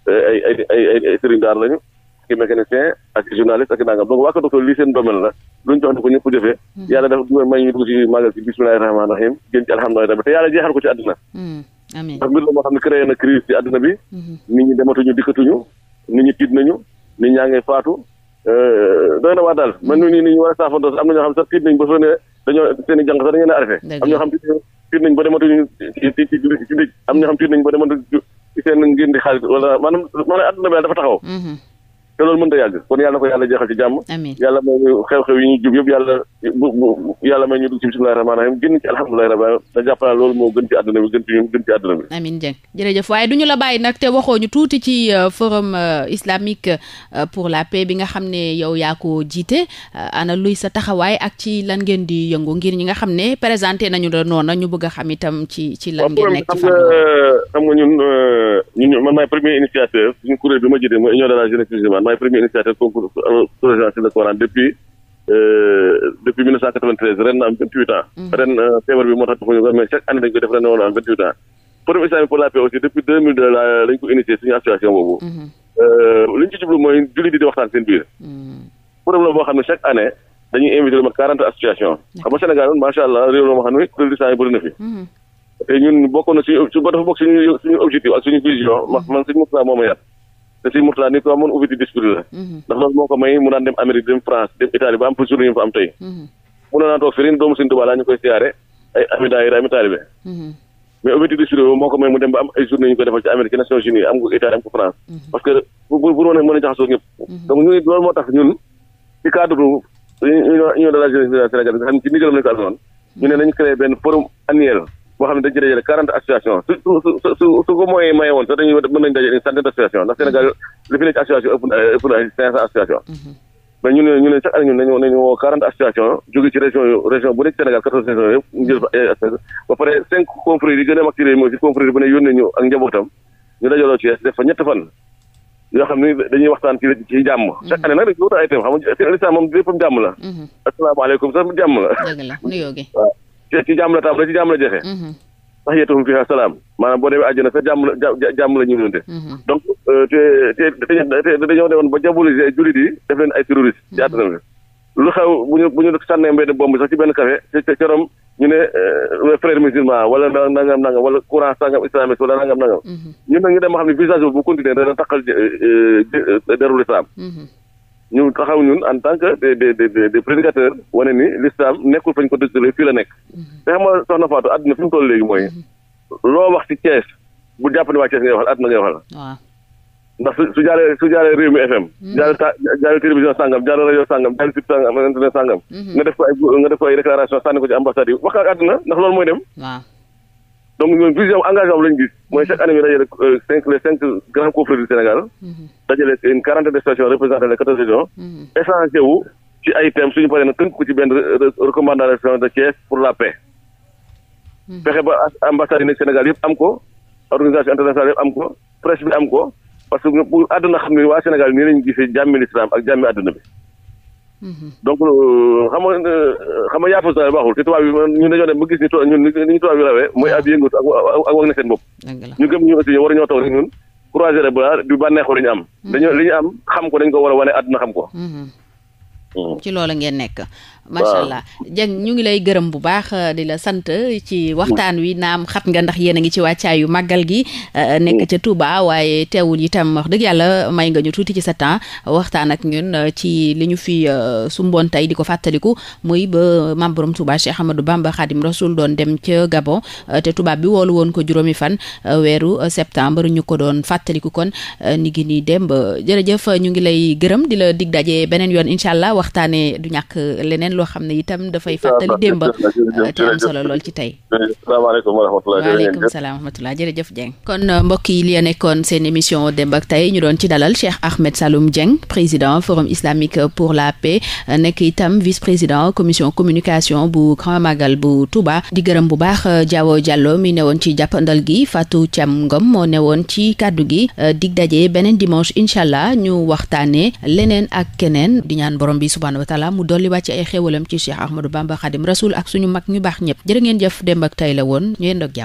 ay ay ay ay sëriñ daar lañu ki mécanicien ak journaliste la luñ ne ko ñëpp jëfee hmm. yàlla def may ñu dugg ci màggal ci bismillahi rahmaani rahim gën ci alhamdulilah rabbi te yàlla jeexal ko ci àdduna ndax mbir moo xam ne créé na crise ci àdduna bi nit ñi dematuñu dikkatuñu nit ñi tiit nañu nit ñaa ngay faatu euh, doy na waa daal man nu nii ni ñu war a saafantoo am na ñoo xam sax tiit nañ ba soo ne dañoo seen i jàng sax dañu leen a arrêté am ñoo xam tiit nañ ba dematuñu ci ci dëj am ñoo xam tiit nañ ba dematuñu ci seen ngeen di xaalis wala maanaam maanaam àdduna bi dafa taxaw mm-hmm. te loolu mënut a yàgg kon yàlla ko yàlla jeexal ci jàmm. amiin yàlla may ñu xew-xew yi ñu jub yëpp dugg ci bisimilah rahmaani rahiim génn naa loolu moo gën ci àdduna bi gën ci ñun jërëjëf waaye du la bàyyi nag te waxoo ñu tuuti ci euh, forum euh, islamique euh, pour la paix bi nga xam ne yow yaa ko jiite ana luy sa taxawaay ak ci lan ngeen di yëngu ngir ñi nga xam ne présenté nañu la noonu ñu bëgg a xam itam ci ci lan ngeen xam nga ñun ñun man maay premier initiateur suñu kuréel bi ma jiite mooy union de la jeunesse premier initiateur concours correction sur le Coran depuis euh, depuis 1993 ren na am 28 ans. Mm. ren euh, feebar bi moo tax defuñu ko mais chaque année dañu ko def ren na woon am 28 ans. forum islamique pour la paix aussi depuis 2002 la lañ ko initié suñu association boobu. Mm-hmm. Euh, li ci jublu mooy jullit di di waxtaan seen biir. forum mm. boo xam ne chaque année dañuy invité ma réew la te ñun bokk na suñu su ba dafa bokk suñu suñu objectif ak suñu vision mm-hmm. man man suñu Mourtala moo ma yar te suñu Mourtala ni ko amoon ouverture d'esprit la mm-hmm. ndax loolu moo ko may mu naan dem Amérique dem France dem Italie ba am toujours ñu fa am tey mm-hmm. mu naan toog fii doomu suñu Tuubaa laa ñu koy siyaare ay ami daayira ami taalibe mais ouverture d'esprit boobu moo ko may mu dem ba am ay journée ñu koy defal ci Amérique ci Nations Unies am ko Italie am ko France parce que bu bu mën a mën a jaxasoo ñëpp donc ñun loolu moo tax ñun ci cadre union de la jeunesse sénégalaise nga xam ne ci ndigalam lañu ko amee woon ñu ne nañu créé benn forum annuel boo xam ne dañuy mën d' association ndax Sénégal li ci association ëpp na na ay cinq cent association association jóge ci région yu région bu nekk Sénégal quatorze a mag ci réew dañuy waxtaan ci jàmm mhm. chaque année nag dañ ci wutal ay thèmes xam nga lislam jàmm la mhm. asalaamaaleykum sax jàmm la te ci jàmm la tàmbalee ci jàmm la jeexee. sax mhm. yetuhum fiha salaam maanaam boo demee àjjana sa jàmm la jàmm la ñu nante mhm. donc euh, te te dañoo demoon ba diaboliser jullit yi def leen ay terroriste ci mhm. àdduna bi lu xew bu ñu bu ñu sànnee mbedd bomb sax ci benn café ci corom ñu ne euh, frère musulman wala nangam nangam wala courant sangam islamiste wala nangam nangam ñun nag ñu dem ma xam ne visage bu continuer dana taqal euh, derul islam ñu taxaw ñun en tant que des des des des prédicateurs wane ni l'islam nekkul fañ ko dëgtalee fii la nekk. Mhm. te xam nga soxna Fatou àdduna fi mu toll léegi mooy mhm. loo wax ci Thiès bu jàpp ne waa Thiès ngay waxal àdduna ngay waxal. ndax su su jaaree su jaaree Rewmi FM. Mhm. jaaree ta jaaree télévision sangam jaaree rajo sangam jaaree site sangam nga def ko ay nga def ko ay déclaration sànni ko ci ambassade yi wax ak àdduna ndax loolu mooy dem. donc ñoom vision engagement lañu gis mooy chaque année ñu dajale euh, cinq les cinq grands confrères du Sénégal. Mm-hmm. dajale une quarantaine de stations représentant les quatorze régions. Mm-hmm. échangé ci ay thèmes suñu paree nag ko ci benn recommandation de Thiès pour la paix. Mm-hmm. fexe ba ambassade yi nekk Sénégal yëpp am ko organisation internationale yëpp am ko presse bi am ko parce que pour àdduna xam ne waa Sénégal nii lañu gisee jàmmi am ak jàmmi àdduna bi. donc euh, xam nga euh, xam nga yaafu baaxul te tubaab bi ñun dañoo dem ba gis ni tubaab ñun ni ñu tubaab bi rawee mooy ah. ab yëngatu ak wag na seen bopp ñu gëm ñu aussi war ñoo toog rek ñun croiser le bras du bànneexu am mm-hmm. dañoo li am xam ko dañ ko war a wane àdduna xam ko mm-hmm. mm. ci loolu ngeen nekk macha allah Dieng ñu ngi lay gërëm bu baax euh, di la sant ci waxtaan wi naam xat nga ndax yéen a ngi ci wàccaayu màggal gi euh, nekk ca Touba waaye teewul itam wax dëgg yàlla may nga ñu tuuti ci sa temps waxtaan ak ñun euh, ci li ñu fi sumboon tey di ko fàttaliku muy ba maam borom Touba Cheikh Ahmadou Bamba Khadim Rasoul doon dem ca Gabon te tubaab bi woolu woon ko juróomi fan weeru septembre ñu ko doon fàttaliku kon ni ngi nii dem ba jërëjëf ñu ngi lay gërëm di la dig daje beneen yoon incha allah waxtaanee du loo xam ne itam dafay fàttali démb euh, te am solo lool ci tey salaamaaleykum wa rahmatulah waaleykum jërëjëf Dieng kon euh, mbokk yi li nekkoon seen émission démb tey ñu doon ci dalal Cheikh Ahmed Saloum jeng président forum islamique pour la paix euh, nekk itam vice président commission communication bu Grand bu Touba di gërëm bu baax Diawo Diallo mi newoon ci jàppandal gi Fatou cam Ngom moo newoon ci kàddu gi di daje beneen dimanche incha allah ñu waxtaanee leneen ak keneen di ñaan borom bi subhaanahu wa xéewalam ci Cheikh Ahmadou Bamba Khadim Rasoul ak suñu mag ñu baax ñëpp jërë jëf démb ak tay la woon ñu yendoo ak